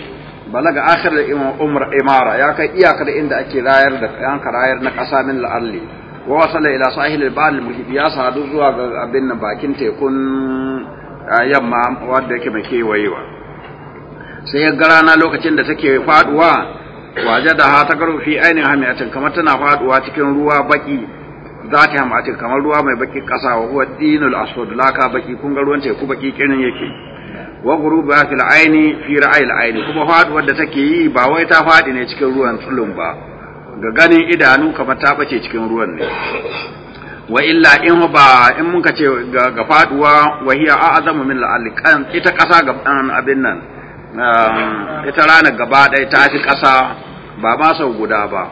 balaga akhir umar imara ya kai iyakar inda ake rayar da yanka rayar na kasa min la'alli wa wasala ila sahil al bal al ya sadu zuwa ga abin nan bakin tekun ah, yamma wanda yake mai kewayewa sai ya ga rana lokacin da take faduwa ha ta garu fi ainihin hamiyatin kamar tana faduwa cikin ruwa baki za ta hamati kamar ruwa mai baki kasa wa huwa dinul aswad laka baki kun ga ruwan teku baki kirin yake wa ghuruba fil aini fi ra'ayil aini kuma faduwar da take yi ba wai ta fadi ne cikin ruwan tsulun ba ga ganin idanu kamar ta bace cikin ruwan ne wa illa in ba in muka ce ga faduwa wa hiya a'zamu min al'alqan ita kasa ga abin nan um, ita rana gaba ɗaya ta fi kasa ba ma sau guda ba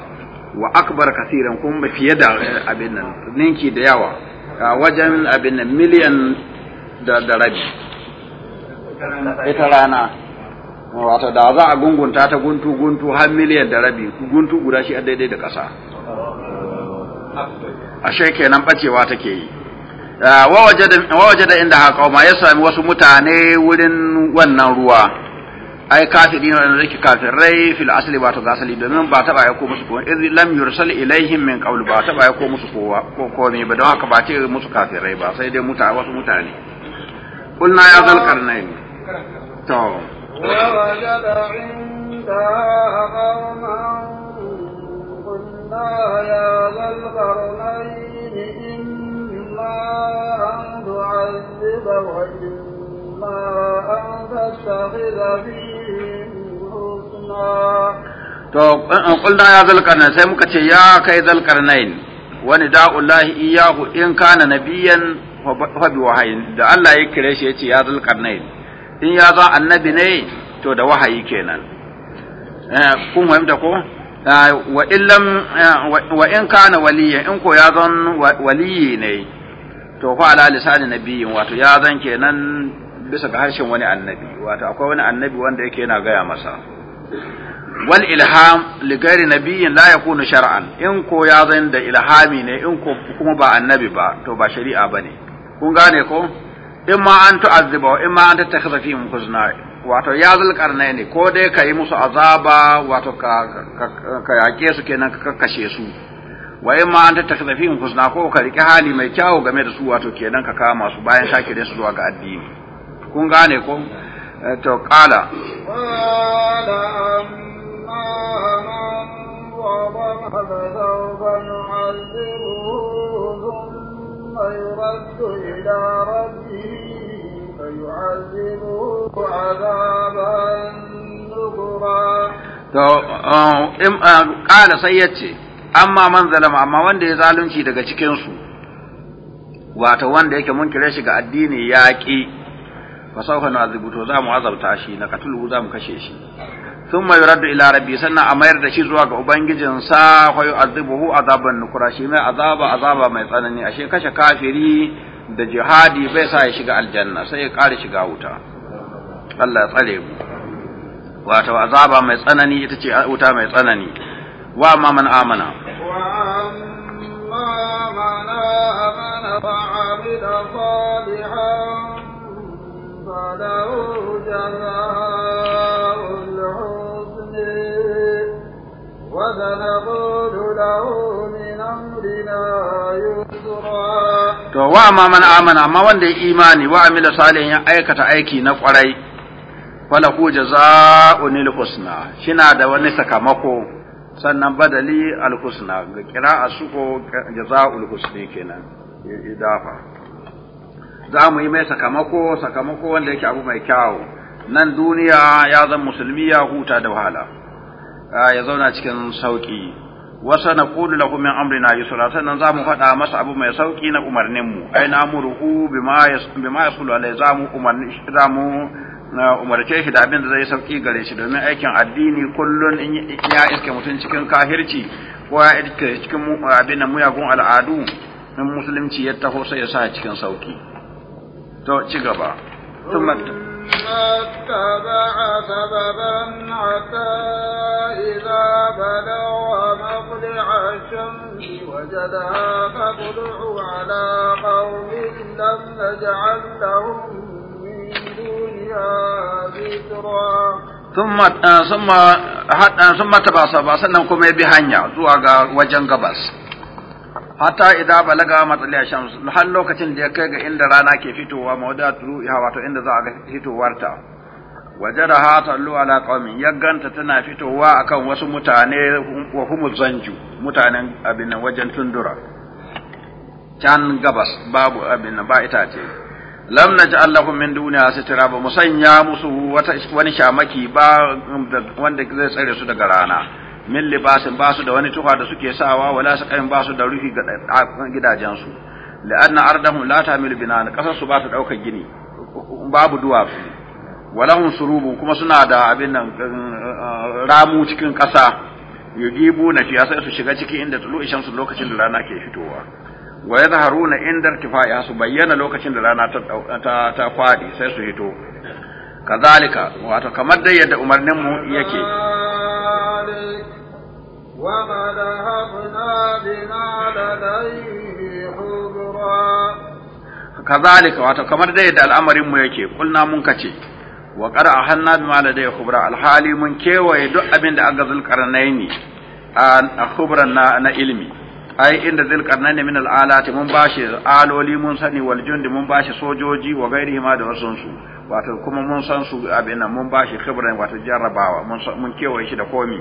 wa akbar kasiran kuma fiye da eh, abin nan ninki da yawa wajen abin nan miliyan da rabi ita rana wato da za a gungunta ta guntu guntu har miliyan da rabi guntu guda shi a daidai da ƙasa ashe kenan bacewa take yi wa waje da inda haka ma ya sami wasu mutane wurin wannan ruwa ai ne wanda zai kafirai fil asli ba ta zasali domin ba ya ko musu kowa idh lam yursal ilaihim min qawl ba ya ko musu kowa ko me, ba don haka ba ce musu kafirai ba sai dai muta wasu mutane kulna ya zal karnain to wajada inda qauman kulna ya zal karnain inna an tu'azzib wa إلا أن تتخذ فيهم حسنا to kulna ya zalkarna sai muka ce ya kai zalkarnain wani da'ullahi iyahu in kana nabiyan fa bi wahayin da Allah ya kire shi yace ya zalkarnain in ya za annabi ne to da wahayi kenan kun fahimta ko wa illam wa in kana waliyan in ko ya zan waliyi ne to fa ala lisanin nabiyin wato ya zan kenan bisa ga harshen wani annabi wato akwai wani annabi wanda yake yana gaya masa wal ilham li gairi nabiyyin la yakunu shar'an in ko ya zan da ilhami ne in ko kuma ba annabi ba to ba shari'a bane kun gane ko in ma an tu'azziba wa in ma an tattakhadha fihim huzna wato ya zal ne ko dai kai musu azaba wato ka ka yake su kenan ka kashe su wa in ma an tattakhadha fihim huzna ko ka rike hali mai kyau game da su wato kenan ka kama su bayan sake kire su zuwa ga addini kun gane ko eh, to kala ويرد إلى amma man zalama amma wanda ya zalunci daga cikinsu wato wanda yake mun kire shi ga addini yaƙi fa na nu'adhibu to za mu azabta shi na katulu za mu kashe shi mai raddu ila rabbi sannan a mayar da shi zuwa ga Ubangijin ubangijinsa fa yu'adhibuhu azaban nukura shi mai azaba azaba mai tsanani ashe kashe kafiri da jihadi bai sa ya shiga aljanna sai ya kare shiga wuta Allah ya tsare mu wato azaba mai tsanani ita ce wuta mai tsanani wa ma man amana wa man amana salihan to wa amma man amana amma wanda ya imani wa amila salihin ya aikata aiki na kwarai falahu jazaa'un husna shina da wani sakamako sannan badali alhusna ga qira'a suko jazaa'ul husni kenan idafa za mu yi mai sakamako sakamako wanda yake abu mai kyau. nan duniya ya zan musulmi ya huta da wahala ya zauna cikin sauki wasa na kudu lahu min amrina yusra sannan za mu faɗa masa abu mai sauki na umarnin mu ai na muruhu bima yasulu alai za mu umarni za mu umarce shi da abin da zai sauki gare shi domin aikin addini kullum, in ya iske mutum cikin kahirci ko ya iske cikin abin da muyagun al'adu in musulunci ya taho sai ya sa cikin sauki to ci gaba ثم اتبع سببا حتى إذا بلغ مطلع الشمس وجدها تطلع على قوم لم نجعل لهم من دونها سترا ثم ثم ثم تبع سببا سنة كما يبي هنيا زوا وجن قبس hatta idan balaga matsaliya shams har lokacin da ya kai ga inda rana ke fitowa turu ya wato inda za a ga fitowarta wajadaha tallu ala qaumin yagganta tana fitowa akan wasu mutane wa humu zanju mutanen abin wajen tundura can gabas babu abin ba itace lam naj'al lahum min duniya sitira ba musanya musu wata wani shamaki ba wanda zai tsare su daga rana min libasin basu da wani tufa da suke sawa wala kayan basu da rufi ga gidajensu la'anna ardahum la tamilu binan kasar su ba ta daukar gini babu duwatsu walahum surubu kuma suna da abin nan eh, ramu cikin kasa yugibu na fiya sai su shiga ciki inda tulu su lokacin da rana ke fitowa wa yadharuna inda irtifa'iha su bayyana lokacin da rana ta ta kwadi sai su hito kazalika wato kamar dai yadda umarnin mu yake وقد هبنا بما لديه حضرا كذلك wato kamar dai da al'amarin mu yake kulna mun kace wa qara hanna bima ladai khubra alhali mun kewaye duk abin aga zulqarnaini a khubran na, na ilmi ai inda zulqarnaini min al'alati mun bashi aloli mun sani wal jundi mun bashi sojoji wa gairihi ma da wasun su wato kuma mun san su abin nan mun bashi khibran wato jarrabawa mun kewaye shi da komi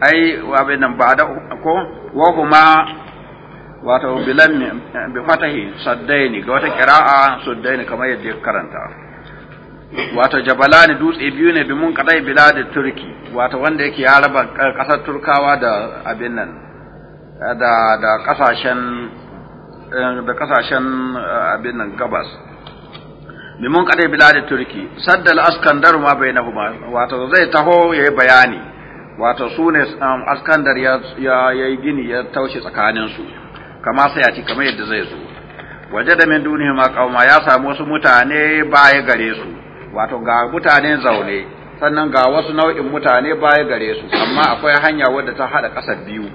ai abin nan ba da ko wa kuma wato bilam bi fatahi saddaini ga wata qira'a saddaini kamar yadda karanta wato jabalani dutse biyu ne bi mun kadai bilad turki wato wanda yake ya raba kasar eh, turkawa da abin nan da da kasashen eh, da kasashen eh, abin nan gabas bi mun kadai bilad turki saddal askandaru ma bainahuma wato zai taho yayi bayani wato su ne askandar um, ya yi gini ya taushe tsakaninsu kama sai a ci kama yadda zai zo waje da min duniya ma kauma ya samu wasu mutane baya gare su wato ga mutane zaune sannan ga wasu nau'in mutane baya gare su amma akwai hanya wadda ta hada kasar biyu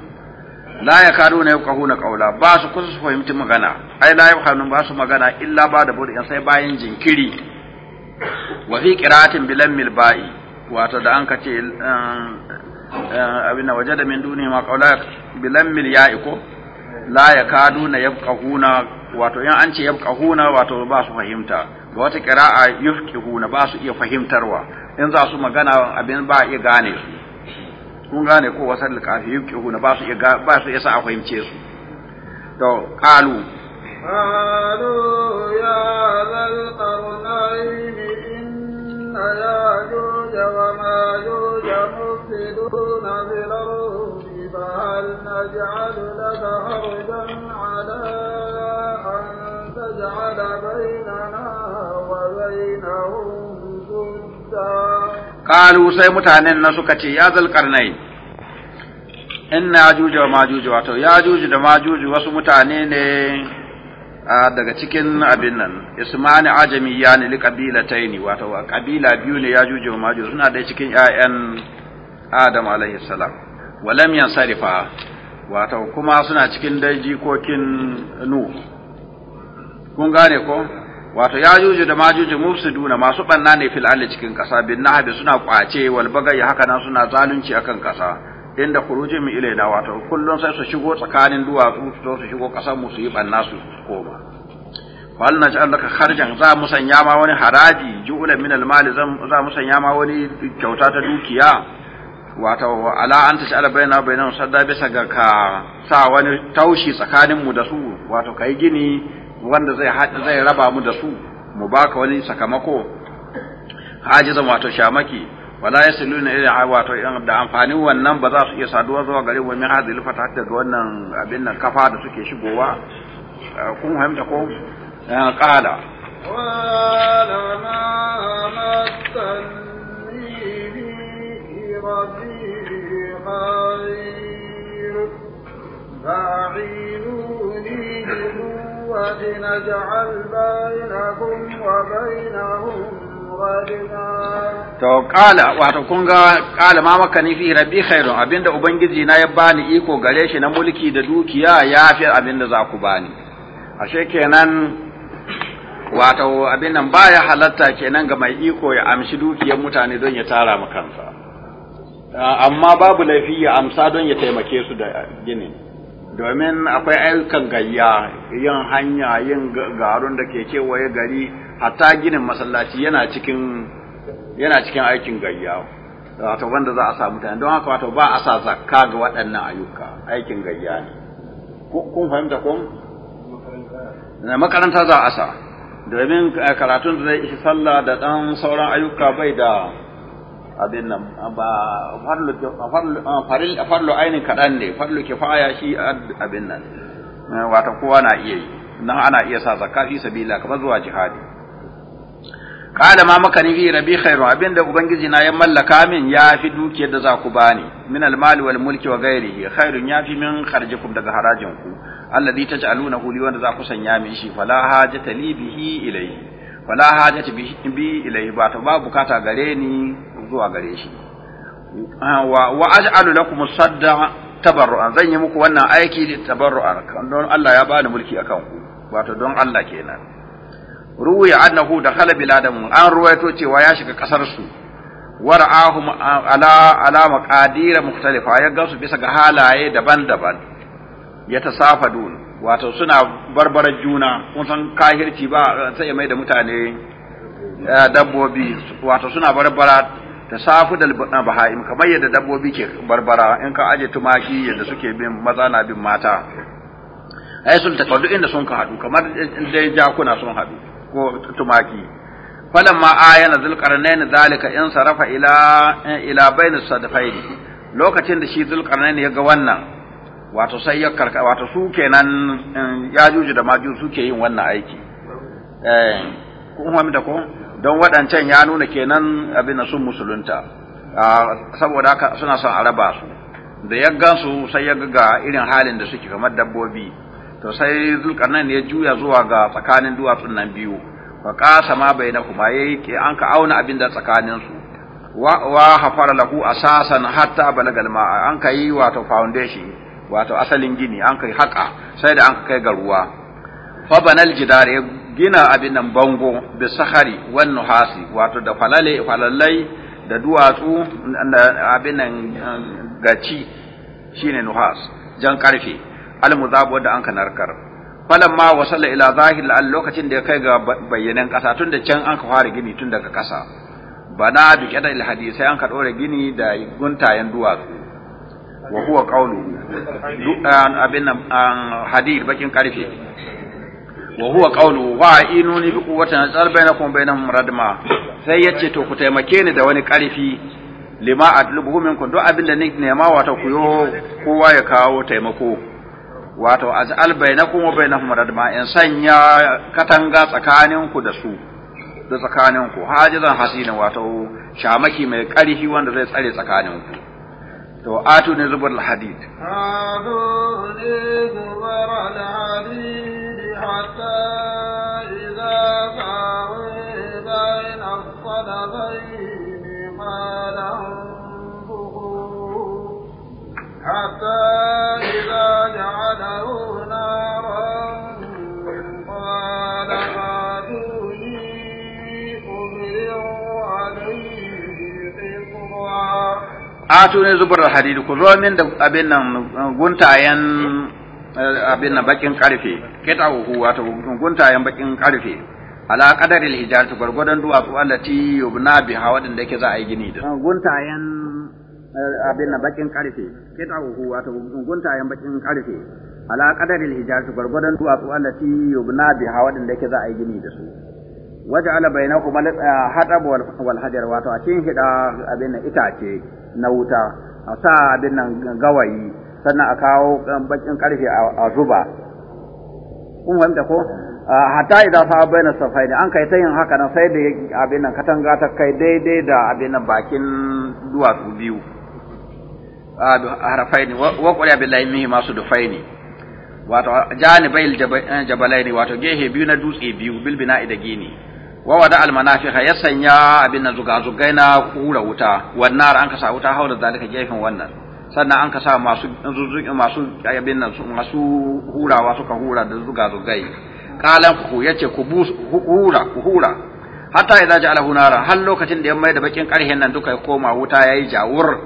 la ya kadu na yau na kaula ba su kusa su fahimci magana ai la yau ba su magana illa ba da bude sai bayan jinkiri wa fi qira'atin bilan milba'i wato da an kace um, Eh, abin da waje da min duni ma kaula bilan miliya'i ko la ya kadu na huna wato in an ce huna wato ba su fahimta ga wata qira'a huna ba su iya fahimtarwa in za su magana abin ba iya gane su kun gane ko wasal yufki huna ba su iya ba su iya sa a fahimce su to qalu qalu ya zal qarnaini Ina ya jujjaba na jiyadu daga harbijan hadadda, an sanya da fainana Kalu sai mutanen na suka ce, ya zalƙar na yi. Ina ya jujjaba ma wato ya jujjiba ma jujji wasu mutane ne. daga cikin abin nan ismani ajami ya ne li ne wato kabila biyu ne ya juje majo suna dai cikin ‘ya’yan adam alaihi salam 'yan yansarifa wato kuma suna cikin dai jikokin nu kun gane ko wato ya juje da majuju mufsiduna masu banna ne fil cikin kasa bin nahabi suna kwace wal bagai haka nan suna zalunci akan kasa inda khurujin min ilayna wato kullun sai su shigo tsakanin duwatsu su su shigo kasar mu su yi banna su koma fal ja'al laka kharjan za mu sanya ma wani haraji ju'ulan min al mali za mu sanya ma wani kyauta ta dukiya wato ala anta tash'ala baina baina sadda bisa ga ka sa wani taushi tsakanin mu da su wato kai gini wanda zai zai raba mu da su mu baka wani sakamako hajizan wato shamaki wala yasiluna ila wato da amfanin wannan ba za su iya saduwa zuwa gare wa min hadhihi fatata daga wannan abin nan kafa da suke shigowa uh, kun fahimta ko uh, qala qala ma mastanni bi iradi khair fa'inuni bi wa naj'al bainakum wa bainahum to kala wato kun ga kala ma maka ni fi rabbi khairun abinda ubangiji na ya bani iko gare shi na mulki da dukiya ya fi abinda za ku bani ashe kenan wato abin nan baya halatta kenan ga mai iko ya amshi dukiyar mutane don ya tara ma kansa amma babu laifi ya amsa don ya taimake su da ginin domin akwai ayyukan gayya yin hanya yin garun da ke kewaye gari hatta ginin masallaci yana cikin yana cikin aikin gayya wato wanda za a sa mutane don haka wato ba a sa zakka ga waɗannan ayyuka aikin gayya ne kun fahimta kun na makaranta za a sa domin eh, karatun da zai ishi sallah da ɗan sauran ayyuka bai da abin nan ba farlo eh, aini kaɗan ne farlo kifaya shi abin nan eh, wata kowa na iya yi nan ana iya sa zakka fi sabila kamar zuwa jihadi kala ma makani fiye rabi khairu da ubangiji na ya mallaka min ya fi dukiyar da za ku bani min almal wal mulki wa ghairihi khairun ya fi min kharjikum daga harajin ku alladhi taj'aluna li wanda za ku sanya min shi fala hajata li bihi ilayhi fala hajata bi ilayhi ba ta ba bukata gare ni zuwa gare shi wa wa aj'alu lakum sadda tabarru'an zan yi muku wannan aiki da tabarru'an don Allah ya bani mulki akan ku wato don Allah kenan ruwiya annahu da khala biladan an ruwaito cewa ya shiga kasar su war'ahum ala ala maqadir mukhtalifa ya gasu bisa ga halaye daban-daban ya tasafadun wato suna barbarar juna kun san kahirci ba sai ya mai da mutane dabbobi wato suna barbara tasafu da bahaim kamar yadda dabbobi ke barbara in ka aje tumaki yadda suke bin maza na bin mata ai sun takaddu inda sun ka hadu kamar dai jakuna sun hadu ko tumaki ma ayana zulqarnain zalika in sarafa ila ila bain sadfain lokacin da shi zulqarnain ya ga wannan wato sai ya karka wato su kenan eh, juju da majuju suke yin wannan aiki eh kun da ko don waɗancan ya nuna kenan abin da sun musulunta ah, saboda haka suna son a raba su da ya gansu sai ya ga irin halin da suke kamar dabbobi to sai zulkarnain ya juya zuwa ga tsakanin duwatsun nan biyu fa qasa ma yi ke an ka auna abin da tsakanin su wa wa hafara lahu asasan hatta balagal ma an ka yi wato foundation wato asalin gini an ka yi haka sai da an ka kai ga ruwa fa banal jidar gina abin nan bango bi sahari wan nuhasi wato da falale falalai da duwatsu abin nan gaci shine nuhas jan karfe almuzab wanda an ka narkar falan ma wasala ila zahir al lokacin da ya kai ga bayyanan kasa tun da can an ka fara gini tun daga kasa bana bi kada al hadisi an ka dore gini da guntayen duwatsu wa huwa qawlu abin hadir bakin karfe wa huwa qawlu wa inuni bi quwwatin azal bainakum bainahum radma sai yace to ku taimake ni da wani karfi lima adlubu minkum duk abin da ni nema wata ku yo kowa ya kawo taimako wato az'al bainakum wa bainahum radma in sanya katanga tsakaninku da su da tsakaninku hajizan hasina wato shamaki mai ƙarfi wanda zai tsare tsakaninku to atu ne zubar hadid ne zubar hadid atu ne zubar hadid ku zo min da abin nan guntayen abin nan bakin karfe hu wato guntayen bakin karfe ala qadaril hijarati gurgudan duwatsu allati yubna bi hawadin da yake za a yi gini da ah, guntayen eh, abin nan bakin karfe hu wato guntayen bakin karfe ala qadaril hijarati gurgudan duwatsu allati yubna bi hawadin da yake za a yi gini da su waja'ala bainakuma eh, hadab wal hajar wato a cikin hida abin itace na wuta a sa abin nan gawayi sannan a kawo um, bakin karfe a zuba kun fahimta ko hatta idan fa bayyana safaini ne an kai ta yin haka nan sai da abin nan katanga ta kai daidai da abin nan bakin duwatsu biyu a ne wa qulya billahi mihi masu dufai ne wato janibai eh, jabalaini ne wato gehe biyu na dutse biyu bilbina bina'i da gini wa wada al manafiha ya sanya abin nan zuga zugai na kura wuta wannan an ka sa wuta haura zalika gefen wannan sannan an sa masu zuzuki masu abin nan masu hurawa suka hura da zuga zugai qalan ku yace ku bus hura ku hura hatta idza ja'alahu hunara har lokacin da ya mai da bakin karhen nan duka ya koma wuta yayi jawur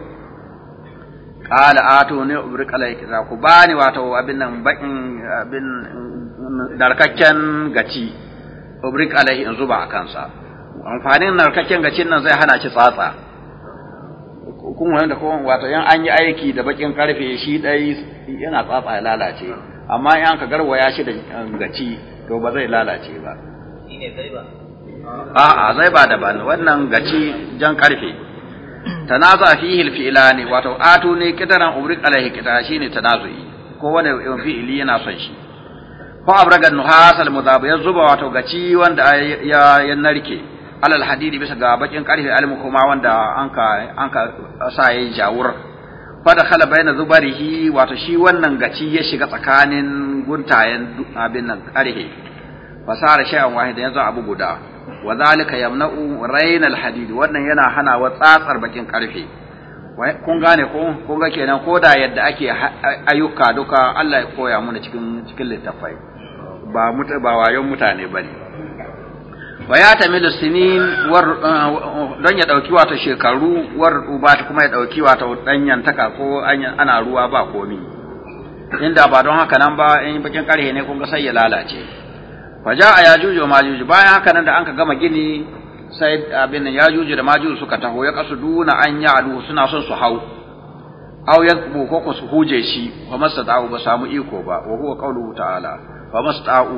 qala atuni ubrik alayka za ku bani wato abin nan bakin abin darkakken gaci ubrik alaihi in zuba a kansa amfanin narkakken gacin nan zai hana shi tsatsa kun wani da kowane wato yan an yi aiki da bakin karfe shi dai yana tsatsa ya lalace amma in an ka garwaya shi da um, gaci to ba zai lalace ba a'a zai ba daban wannan gaci jan karfe tanaza ila ne. wato atu ne kidaran ubrik alaihi kita shine tanazu'i ko wani fi'ili yana son shi ko abragan nuhas al ya zuba wato gaci wanda ya narke alal hadidi bisa ga bakin karfe almu kuma wanda an ka sa yayi jawur fa da khala baina zubarihi wato shi wannan gaci ya shiga tsakanin guntayen abin nan karfe fasara shay'an wahid yanzu abu guda wa zalika yamna'u rain al wannan yana hana wa tsatsar bakin karfe kun gane ko kun ga kenan ko yadda ake ayyuka duka Allah ya koya mana cikin cikin littafai ba mutu ba wayon mutane bane wa ya tamilu sinin war uh, don ya dauki wata shekaru war ta kuma ya dauki wata danyan taka ko ana ruwa ba komi inda ba don haka nan ba in bakin karhe ne kun ga sai ya lalace ja a yajuju wa majuju bayan haka nan da an ka gama gini sai abin yajuju da majuju suka taho ya kasu duna an ya alu suna son su hau au yakbu ko ko su huje shi wa masata ba samu iko ba wa huwa qauluhu ta'ala fa masta'u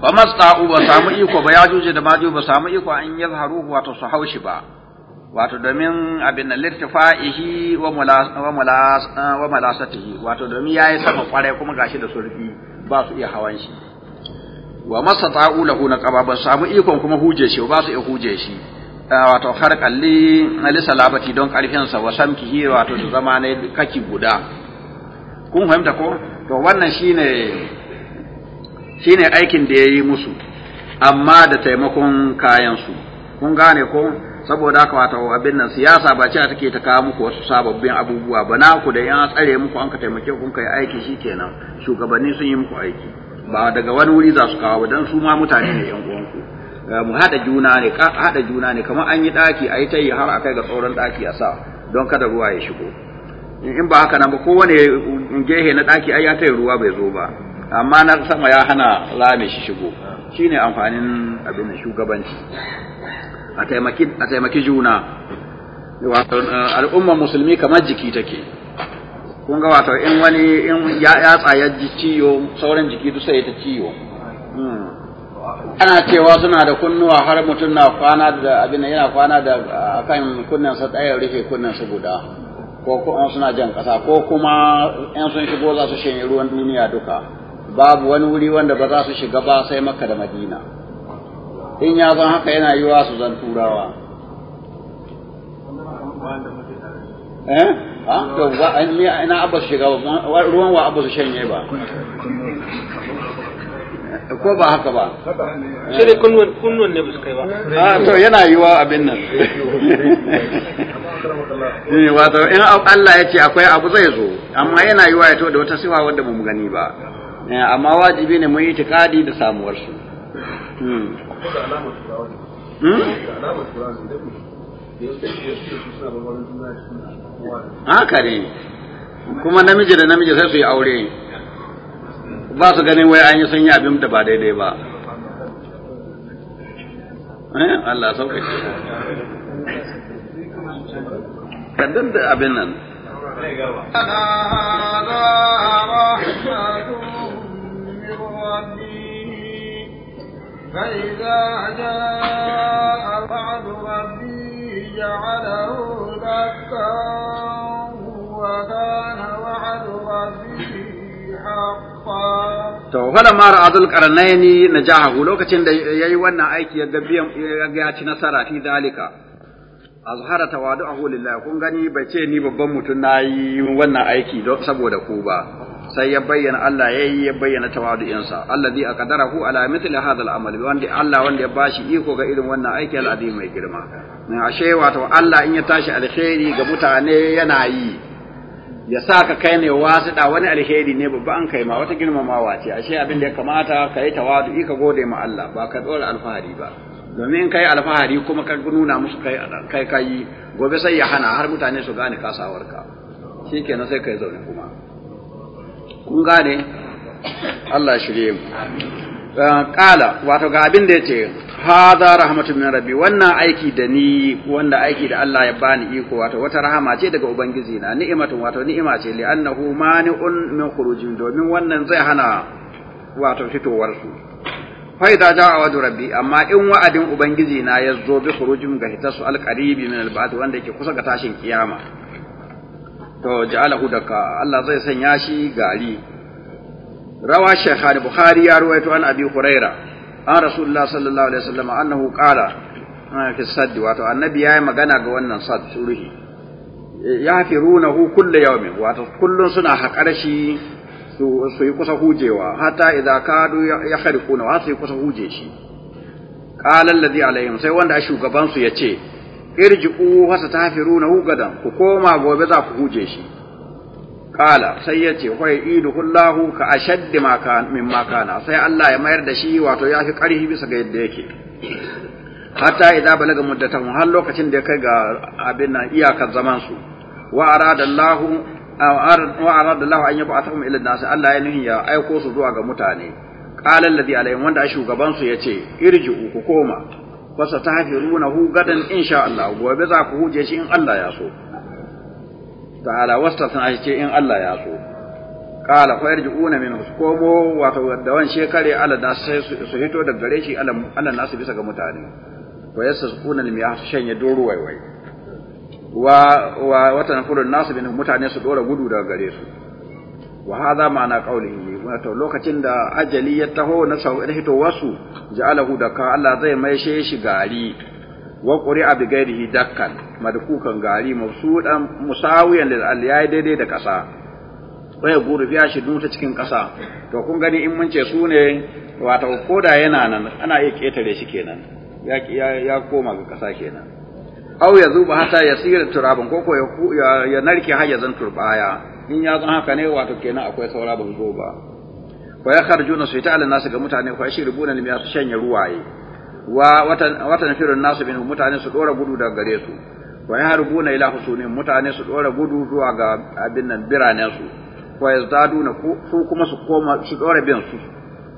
fa masta'u ba samu iko ba ya yajuje da majuj ba samu iko an yazharu wato su haushi ba wato domin abin da lirtifa'ihi wa mulasatihi wato domin ya yi sama kwarai kuma gashi da surfi ba su iya hawan shi wa masa mastata'u na qaba ba samu ikon kuma huje shi ba su iya huje shi ah, wato harqan li li salabati don karfin sa wa hi wato da zama kaki guda kun fahimta ko to wannan shine shine aikin da yayi musu amma da taimakon kayan su kun gane ko saboda haka wato abin nan siyasa ba ce take ta kawo muku wasu sababbin abubuwa ba na ku da yan tsare muku an ka taimake ku kun kai aiki shikenan shugabanni sun yi muku aiki ba daga wani wuri za su kawo dan su ma mutane ne yan uwanku eh, mu hada juna ne ka hada juna ne kamar an yi daki ayi tayi har a kai ga tsoron ɗaki a sa don kada ruwa ya shigo in ba haka nan ba kowane gehe na ɗaki ai ya tayi ruwa bai zo ba amma na sama ya hana rame shi shigo shine amfanin abin shugabanci a taimaki a taimaki juna eh, al'ummar musulmi kamar jiki take kun ga wato in wani in ya yatsa ya ji ciwo sauran jiki duk sai ta ciwo hmm. ana cewa suna da kunnuwa har mutum na kwana da abin yana kwana da akan kunnensa ɗaya rufe kunnensa guda ko kuma suna jan kasa ko kuma yan sun shigo za su shanye ruwan duniya duka babu wani wuri wanda ba za su shiga ba sai makka da madina in ya zan haka yana yiwa su zan turawa eh to ba ina abba su ruwan wa abba shanye ba ko ba haka ba kunnuwan kunnuwan ne ba to yana yiwa abin nan wato in Allah ya ce akwai abu zai zo amma yana yiwa ya to da wata siwa wadda mu gani ba eh, amma wajibi ne mu yi itikadi da samuwar hmm. hmm? su haka ne kuma namiji da namiji sai su yi aure ba su ganin wai an yi sun yi abin da ba daidai ba eh Allah sauƙaƙe kadan da abin nan فإذا جاء بعد ربي جعله دكا وكان وعد ربه To, fada mara azul karnaini na jahahu lokacin da yayi wannan aiki ya ga ya ci nasara fi dalika, azhara tawadu a lillahi kun gani bai ce ni babban mutum nayi wannan aiki saboda ku ba, sai ya bayyana Allah ya yi ya bayyana tawadu'insa Allah alladhi ku ala mitli hada al'amal amal wanda Allah wanda ya bashi iko ga irin wannan aiki al'adi mai girma ashe wato Allah in ya tashi alheri ga mutane yana yi ya sa ka kai ne wasu da wani alheri ne babba an kai ma wata girmamawa ce ashe abin da ya kamata ka yi tawadu'i ka gode ma Allah ba ka tsora alfahari ba domin kai alfahari kuma ka nuna musu kai kai kai gobe sai ya hana har mutane su gane kasawarka shikenan sai kai zaune kuma kun gane Allah shirye mu Kala, ah, wato ga abin da yace haza rahmatun min rabbi wannan aiki da ni wanda aiki da Allah ya bani iko wato wata rahama ce daga ubangiji na ni'matun wato ni'ima ce li annahu mani'un min khurujin domin wannan zai hana wato fitowar su fa idza jaa wa rabbi amma in wa'adin ubangiji na ya zo bi khurujin ga hitasu alqaribi min alba'd wanda yake kusa ga tashin kiyama to ja'alahu daka Allah zai sanya shi gari rawa al bukhari ya ruwaito an abi huraira an rasulullah sallallahu alaihi wasallam annahu qala ah, fi sadd wato annabi yayi magana ga wannan sadd surhi yafirunahu kullu yawmin wato kullun suna haƙar shi su yi kusa hujewa hatta idza kadu ya kharquna wato su yi kusa huje shi qala alladhi alaihim sai wanda shugaban su yace irji'u fasa tafiruna gadan ku koma gobe za ku huje shi kala sai ya ce wai iduhullahu ka ashaddi maka min makana sai Allah ya mayar da shi wato ya fi karfi bisa ga yadda yake hatta idza balaga muddatan har lokacin da ya kai ga abin nan iyakar zaman su wa arada Allah wa arada Allah an yab'athahum ila nas Allah ya nuhi ya aiko su zuwa ga mutane qala alladhi alayhim wanda shugaban su yace irji'u ku koma fasa ta hu gadan insha Allah gobe za ku huje shi in Allah ya so ta'ala wastasna shi in Allah ya so Kala qala fa yarji'una min komo wato da wan shekare ala da su hito daga gare shi ala nasu bisa ga mutane Kwayar wa yasquna lim yahshanya doru waiwai wa wa watan furun nasu bin mutane su dora gudu daga gare su wa hadha ma'ana qaulihi wato lokacin da ajali ya taho na sauƙin hitowarsu ja'alahu da ka Allah zai maishe shi gari wa a bi ghairihi dakkan madukukan gari masu da musawiyan ya yi daidai da ƙasa waya guru biya shi dutse cikin ƙasa to kun gani in mun ce su ne wato koda yana nan ana iya ketare shi kenan ya ya koma ga ƙasa kenan au ya zuba hata tsira turaban koko ya narke har zan turbaya in ya zan haka ne wato kenan akwai saura ban zo ba wa nasu su ala nasu ga mutane fa rubuna limiya ya shanya ruwaye wa watan firun nasu bin mutane su dora gudu daga gare su wa rubuna ila husunin mutane su dora gudu zuwa ga abin nan birane su wa na su kuma su koma su dora bin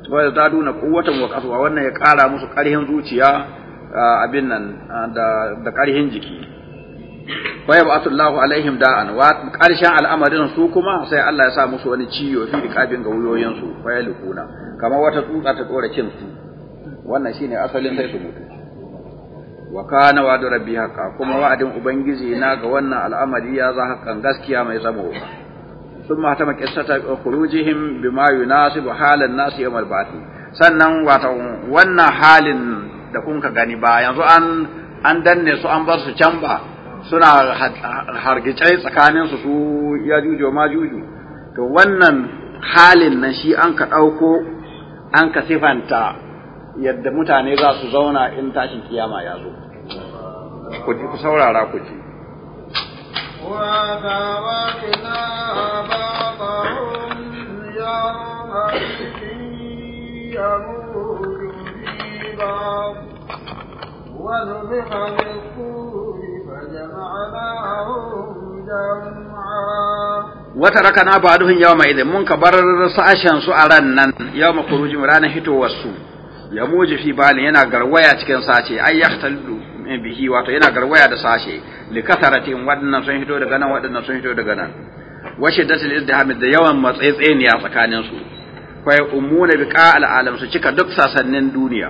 su wa na quwwatan wa kasuwa wannan ya kara musu karhin zuciya abin nan da da karhin jiki wa yab'athu Allahu alaihim da'an wa karshen al'amarin su kuma sai Allah ya sa musu wani ciyo fi riqabin ga wuyoyin su waya lukuna. kamar wata tsutsa ta tsora kin su wannan shine asalin sai su mutu wa kana wa'du rabbi haqa kuma wa'adin ubangiji na ga wannan al'amari ya za hakan gaskiya mai zamo sun ma tama khurujihim bima yunasibu halan nasi yawmal ba'thi sannan wato wannan halin da kun ka gani ba yanzu an an danne su an bar su can ba suna hargitsai tsakaninsu su ya jujo ma juju to wannan halin na shi an ka ɗauko an ka sifanta yadda mutane za su zauna in tashin kiyama ya zo ku saurara ku ji يموت في wata raka na ba duhun yawa mai mun ka bar sashen su a ran nan yawa makurujin ranar hitowar su ya muji fi bani yana garwaya cikin sace ai ya bihi wato yana garwaya da sashe li waɗannan sun hito daga nan waɗannan sun hito daga nan wa shiddatul izdiham da yawan matsaitseniya tsakanin su fa umuna bi qa'al alam su cika duk sasannin duniya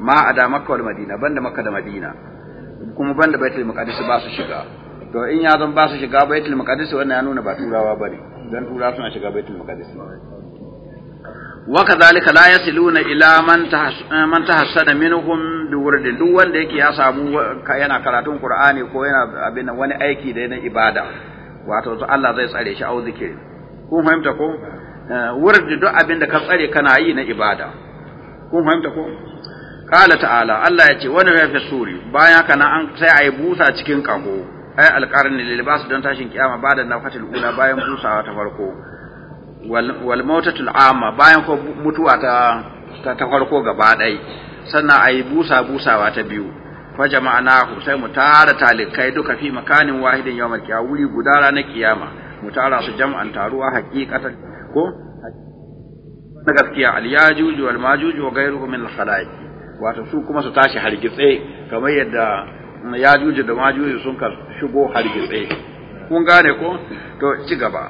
ma da makka wal madina banda makka da madina kuma banda baitul maqdis ba su shiga to in ya zan ba su shiga baitul maqdis wannan ya nuna ba turawa bane dan turawa suna shiga baitul maqdis wa kadhalika la yasiluna ila man man tahassada minhum bi wurdin duk wanda yake ya samu yana karatun qur'ani ko yana abin wani aiki da yana ibada wato Allah zai tsare shi au zikiri kun fahimta ko eh, wurdi duk abin da ka tsare kana yi na ibada kun fahimta ko kala ta'ala Allah ya ce wani fi suri bayan haka an sai ayi busa cikin kaho ai alqarni lil basu don tashin kiyama ba da nafatul ula bayan busawa ta farko wal mautatul amma bayan ko mutuwa ta ta farko gaba dai sannan ayi busa busawa ta biyu fa jama'ana sai mu tara talikai duka fi makanin wahidin yawmal qiyamah wuri guda ranar kiyama mu tara su jama'an taruwa haqiqatan ko na gaskiya al yajuju wal majuju wa ghayruhum min al khalaiq wato su kuma su tashi hargitse kamar yadda ya juje da majuju sun ka shigo hargitse kun gane ko to ci gaba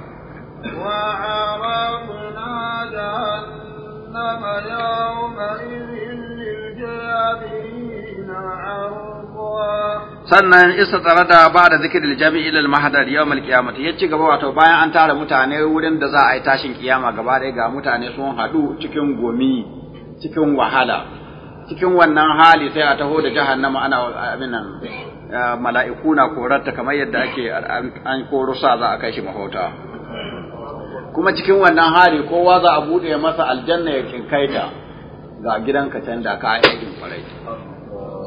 sannan isa tsara da ba da zikirin jami'il al-mahadar yau kiyamata ya ci gaba wato bayan an tara mutane wurin da za a yi tashin kiyama gaba ɗaya ga mutane sun haɗu cikin gomi cikin wahala cikin wannan hali sai a taho da jahannama ana abin nan mala'iku na korarta kamar yadda ake an koro sa za a kai shi mahauta kuma cikin wannan hali kowa za a bude masa aljanna ya kinkaita ga gidanka can da ka aikin kwarai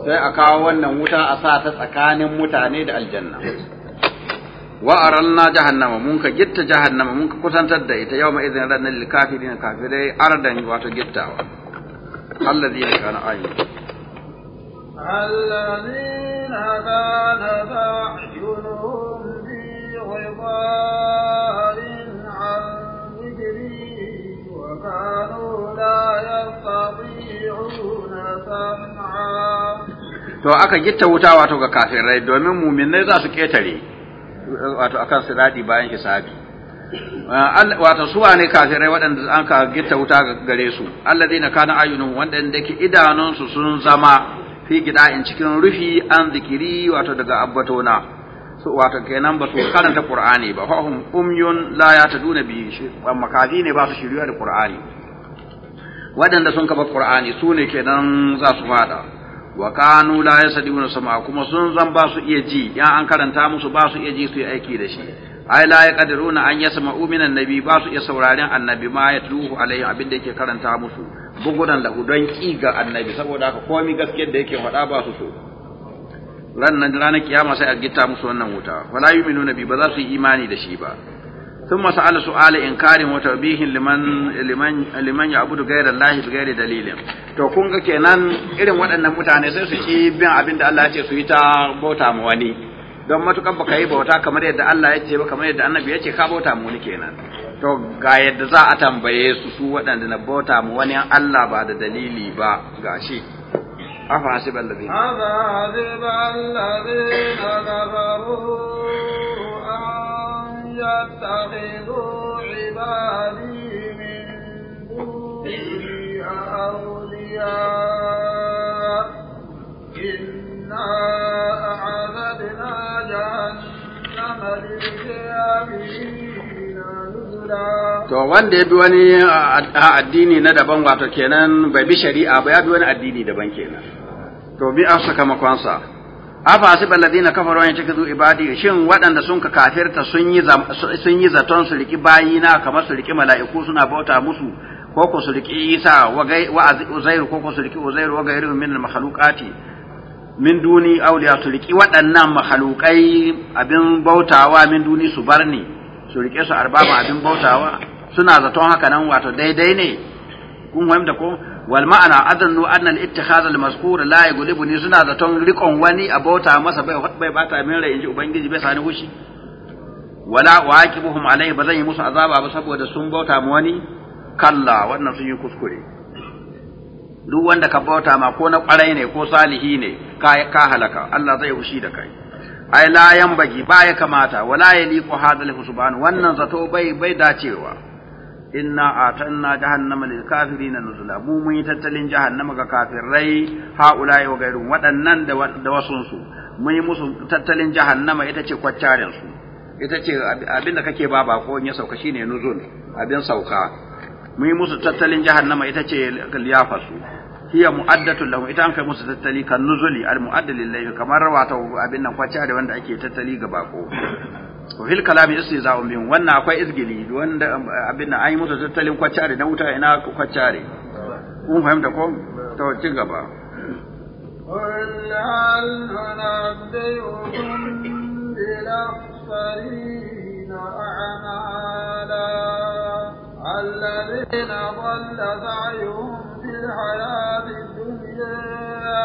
sai a kawo wannan wuta a sa ta tsakanin mutane da aljanna wa aranna jahannama mun ka gitta jahannama mun ka kusantar da ita yawma idzin ranar lil kafirin kafirai ardan wato gittawa الذين كان عين الذين كانت في to aka gitta wuta wato ga kafirai domin muminai za su ketare wato akan su dadi bayan hisabi wato su ne kafirai waɗanda an ka gita wuta gare su na kana ayunun waɗanda ke idanunsu sun zama fi gida in cikin rufi an zikiri wato daga abbatona wato kenan ba su karanta qur'ani ba fa hum umyun la duna bi shi makafi ne ba su shiriya da qur'ani waɗanda sun kafa qur'ani su ne kenan za su fada wa kanu la sama kuma sun zan ba su iya ji ya an karanta musu ba su iya ji su yi aiki da shi ai la na an yasa min annabi ba su iya sauraren annabi ma ya tuhu alaihi abin da yake karanta musu bugudan da don ki ga annabi saboda haka komai gaskiyar da yake faɗa ba su so ranar ranar kiyama sai a gitta musu wannan wuta wala yu'minu bi ba za su yi imani da shi ba ثم سأل سؤال إنكار وتوبيه لمن لمن لمن يعبد غير الله بغير دليل to kun ga kenan irin waɗannan mutane sai su ki bin abin da Allah ya su yi ta bauta ma wani don matukan baka yi bauta kamar yadda Allah ya ce ba kamar yadda annabi ya ce ka bauta mu kenan to ga yadda za a tambaye su su waɗanda na bauta mu wani Allah ba da dalili ba gashi afa hasib alladhi hada an ibadi min awliya to wanda ya bi wani addini na daban wato kenan bai bi shari'a ba ya bi wani addini daban kenan to bi an sakamakonsa afa hasiba kafar wani cikin zuwa ibadi shin waɗanda sun ka kafirta sun yi zaton su riki bayina kamar su riki mala'iku suna bauta musu ko ku su riki Isa wa Uzairu ko ku su riki Uzairu wa gairihi min al-makhluqati min duni auliya su riƙi waɗannan mahalukai abin bautawa min duni su bar ni su riƙe su arbaba abin bautawa suna zaton haka nan wato daidai ne kun fahimta ko wal ma'ana adannu anna al ittikhaz al mazkur la yughlibuni suna zaton riƙon wani a bauta masa bai bai bata min rai inji ubangiji bai sani hushi wala waqibuhum alai bazan yi musu azaba ba saboda sun bauta mu wani kalla wannan sun yi kuskure duk wanda ka bauta ma ko na kwarai ne ko salihi ne ka halaka Allah zai hushi da kai ai la bagi. ba ya kamata wala ya liqu hadal husban wannan zato bai bai dacewa inna atanna jahannama lil kafirin nuzula mu mun yi tattalin jahannama ga kafirai ulai wa gairun waɗannan da wasun su mun yi musu tattalin jahannama ita ce kwaccarin su ita ce abinda kake ba ba ko in ya sauka shine nuzul abin sauka mu yi musu tattalin jahannama ita ce liyafasu hiya mu'addatu lahum ita an kai musu tattali kan nuzuli al mu'addal lillahi kamar rawata abin nan kwaciya da wanda ake tattali ga bako wa fil kalami istihza'un bihim wannan akwai izgili wanda um, abin nan an yi musu tattalin kwaciya da wuta ina kwaciya kun fahimta ko to ci gaba قل هل ننبئكم الذين ضل سعيهم في الحياة الدنيا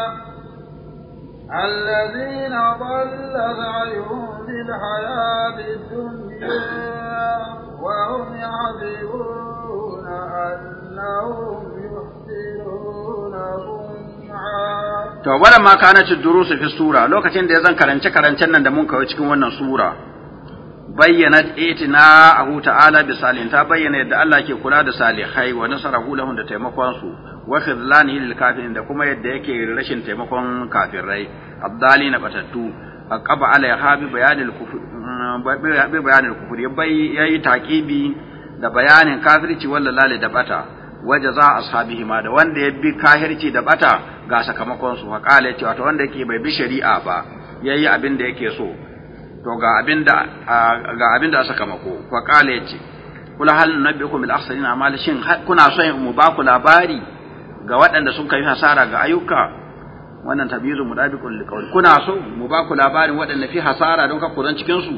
الذين ضل سعيهم في الحياة الدنيا وهم يحسبون أنهم يحسنون To, wadda ma kana ci durusu fi sura lokacin da ya zan karance-karancen nan da mun kawo cikin wannan sura, bayyana itina ahu ta'ala bi salihin ta bayyana yadda Allah ke kula da salihai wa nasarahu lahum da taimakon su wa khidlani lil kafirin da kuma yadda yake rashin taimakon kafirai abdali na batattu aqaba ala habi bayanil kufur bi bayanil kufur yayi taqibi da bayanin kafirci walla lale da bata waje za ashabihi ma da wanda ya bi kahirci da bata ga sakamakon su haƙala ya ce wato wanda yake bai bi shari'a ba yayi abin da yake so to ga abinda ga abinda aka mako fa kale yace kula hal nabiyukum bil ahsanin amal shin kuna so mu ba ku labari ga waɗanda sun kai hasara ga ayyuka wannan tabiru mudabiqul liqawl kuna so mu ba ku labarin waɗanda fi hasara don ka kuran cikin su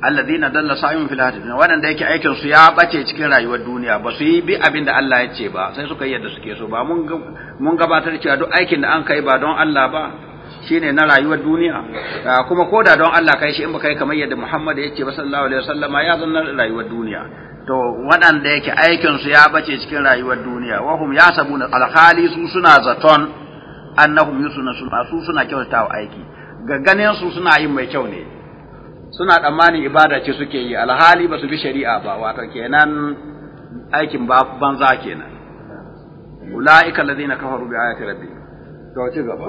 alladheena dalla sa'im fil hadith waɗanda yake aikin su ya bace cikin rayuwar duniya ba su yi bi abinda Allah ya ce ba sai suka yi yadda suke so ba mun mun gabatar cewa duk aikin da an kai ba don Allah ba shine na rayuwar duniya ah, kuma koda don Allah kai shi in baka yi kamar yadda Muhammad yake ba sallallahu alaihi wasallama ya zanna rayuwar duniya to waɗanda yake aikin su ya bace cikin rayuwar duniya wahum yasabuna alhali su suna zaton annahum yusuna su suna wa aiki ga ganin su suna yin mai kyau ne suna tsammanin ibada ce suke yi alhali ba su bi shari'a ba wato kenan aikin banza kenan ula'ika allazina kafaru bi ayati rabbi to ci gaba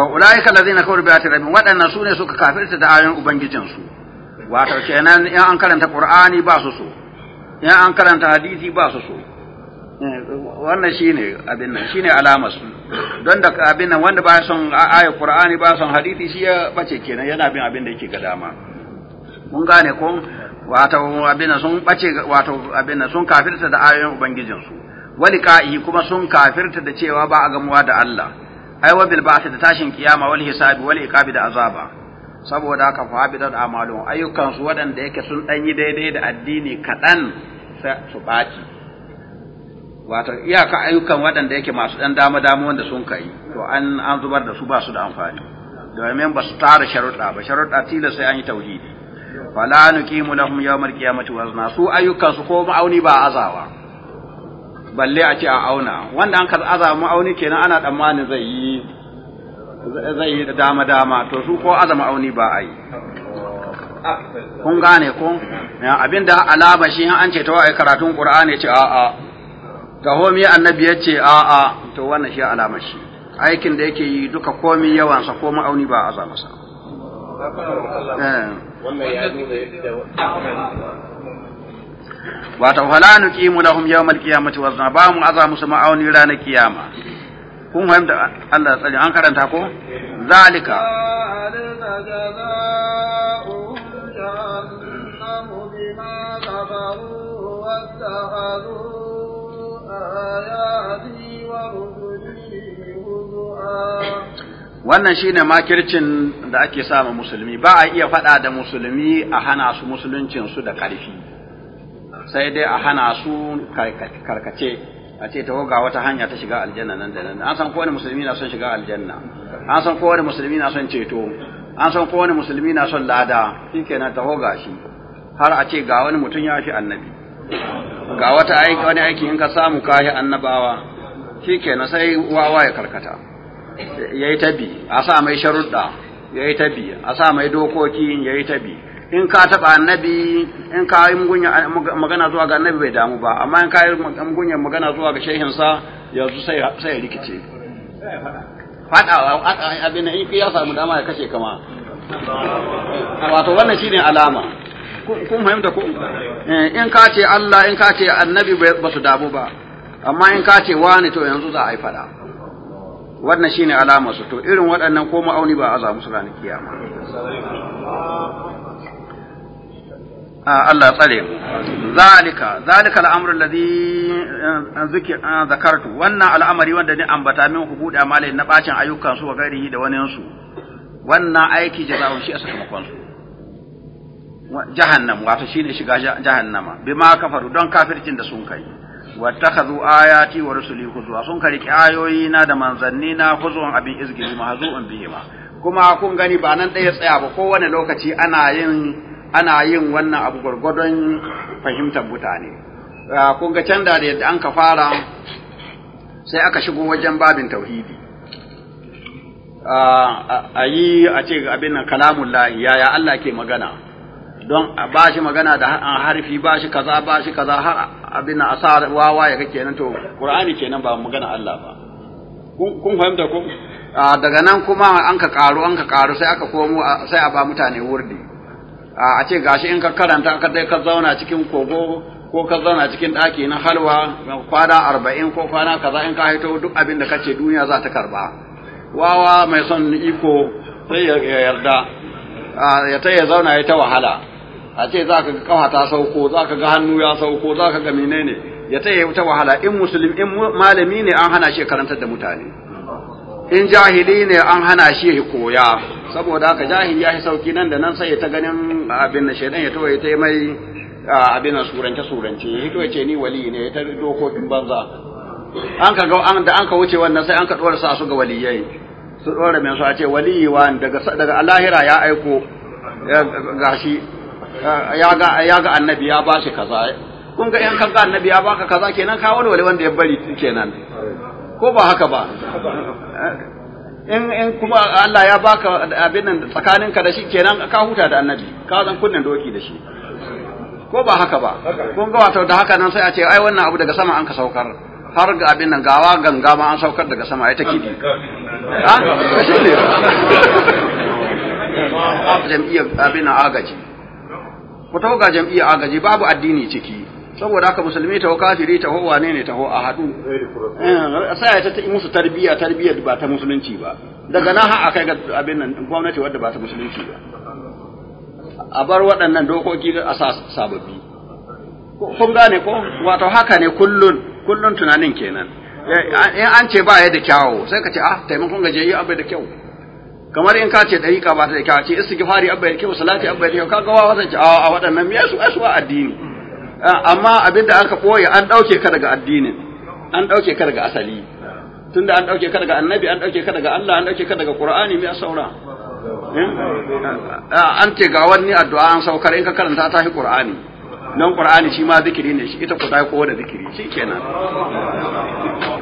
أولئك الذين كفروا ulaika allazina kafaru bi ayati rabbihim sune suka kafirta da ayoyin su wato kenan in an karanta qur'ani ba su so ya an karanta hadisi ba su so wannan shine abin nan shine alamar su don da abin nan wanda ba son ayat qur'ani ba son hadisi shi ya bace kenan yana bin abin da yake ga dama mun gane ko wato abin sun bace wato abin sun kafirta da ayoyin ubangijin su kai kuma sun kafirta da cewa ba a gamuwa da Allah ai wa bil ba'th da tashin kiyama wal hisabi wal iqabi da azaba saboda haka fa bidat amalu ayyukan su waɗanda yake sun dan yi daidai da addini kaɗan su baci wato iyaka ayyukan waɗanda yake masu dan dama dama wanda sun kai to an an zubar da su ba su da amfani domin ba su tara sharuɗa ba sharuɗa tilas sai an yi tauhidi fala nuqimu lahum yawmal qiyamati wazna su ayyukan su ko ma'auni ba azawa balle a ce a auna wanda an ka azawa ma'auni kenan ana tsammanin zai yi zai yi da dama dama to su ko azama auni ba a yi kun gane ko abinda alama shi an ce ta wa'ai karatun qur'ani ce a a ga homi annabi ya ce a a to wannan shi alama shi aikin da yake yi duka komi yawan sa ko auni ba a zama sa eh. wannan ta nuna wato fala nuqimu lahum yawmal qiyamati wazna ba mu aza musu ma'auni ranar kiyama kun fahimta Allah tsari an karanta ko zalika wannan shine makircin da ake sama musulmi ba a iya faɗa da musulmi a hana su musuluncinsu su da ƙarfi sai dai a hana su karkace a ce ta ga wata hanya ta shiga aljanna nan da nan an san kowane musulmi na son shiga aljanna an san kowane musulmi na son ceto an san kowane musulmi na son lada shikenan ta hoga shi har a ce ga wani mutum ya fi annabi ga wata aiki wani aiki in ka samu kashi annabawa shikenan sai wawa ya karkata yayi tabi a sa mai sharuɗa yayi tabi a sa mai dokoki yayi tabi in ka taɓa annabi in ka yi magana zuwa ga annabi bai damu ba amma in ka yi mugunya magana zuwa ga shehinsa yanzu sai ya rikice faɗa abin da in ya samu dama ya kashe kama wato wannan shine alama kun fahimta ko eh, in ka ce Allah in ka ce annabi ba su damu ba amma in ka ce wani to yanzu za a yi faɗa wannan shine alama su to irin waɗannan ko ma'auni ba a za musu ranar kiyama Ah, Allah tsare mu zalika zalika al'amru alladhi eh, eh, zakartu wannan al'amari wanda ne ambata min ku hubudi amalin na bacin ayyukan su ga gairihi da wani su wannan aiki jaza'un shi a sakamakon su jahannam wato shine shiga jahannama bima kafaru don kafircin da sun kai wattakhadhu ayati wa rusuli huzwa sun kariki ayoyi na da manzanni na huzwan abin izgili mahzu'un bihima kuma kun gani ba nan ɗaya tsaya ba kowane lokaci ana yin ana yin wannan abu gwargwadon fahimtar mutane ah, kun ga can da yadda an ka fara sai aka shigo wajen babin tauhidi ah, a yi a ce abin nan kalamun lahi yaya Allah ke magana don ba shi magana da harfi ba shi kaza ba shi kaza har abin nan a sa wawa ya kake nan to Qur'ani kenan ba magana Allah ba kun fahimta kun? Ah, daga nan kuma an ka karu an ka karu sai aka komo sai a ba mutane wurdi a ce gashi in ka karanta ka dai ka zauna cikin kogo ko ka zauna cikin ɗaki na halwa kwana arba'in ko kwana kaza in ka haito duk abin da kace duniya za ta karba wawa mai son iko sai ya yarda ya ta ya zauna ya ta wahala a ce za ka ga kafa ta sauko za ka ga hannu ya sauko za ka ga menene ya ta ya ta wahala in musulmi in malami ne an hana shi karanta da mutane in jahili ne an hana shi koya saboda haka jahil ya yi sauki nan da nan sai ta ganin abin da shaidan ya tawaye ta yi mai abin da surance surance ya hito ce ni wali ne ta dokokin banza an ka ga an da an ka wuce wannan sai an ka dora su ga waliyai su dora men su a ce wali wa daga daga alahira ya aiko gashi ya ga ya ga annabi ya ba shi kaza kun ga yan kan ga annabi ya baka kaza kenan ka wani wanda ya bari kenan ko ba haka ba in in kuma Allah ya baka abin nan tsakaninka da shi kenan ka huta da annabi ka zan kunnen doki da shi ko ba haka ba kun ga wato da haka nan sai a ce ai wannan abu daga sama an ka saukar har ga abin nan gawa ganga ma an saukar daga sama ai ta kidi ha shi ne jam'iyyar abin agaji ku tawo ga jam'iyyar agaji babu addini ciki saboda haka musulmi taho kafiri taho wane ne taho a haɗu eh, sai ta ta musu tarbiyya tarbiyyar ba ta musulunci ba daga na har kai ga abin nan gwamnati wadda ba ta musulunci ba a bar waɗannan dokoki a sa sababbi kun gane ko wato haka ne kullun kullun tunanin kenan in eh, an ce ba ya da kyawo sai ka ce ah taimakon gaje yi abai da kyau kamar in ka ce dariƙa ba ta da kyawo ce istighfari abai da kyau salati abai da kyau kaga wa wasan ce ah, a waɗannan me su addini Ah, amma abin da aka boye an dauke ka daga addinin an dauke ka daga asali tunda an dauke ka daga annabi an dauke ka daga Allah an dauke ka daga Qur'ani mai saura eh? ah, an ce ga wani addu'a an saukar in ka karanta ta shi Qur'ani nan Qur'ani shi ma zikiri ne shi ita ku dai ko da zikiri shi kenan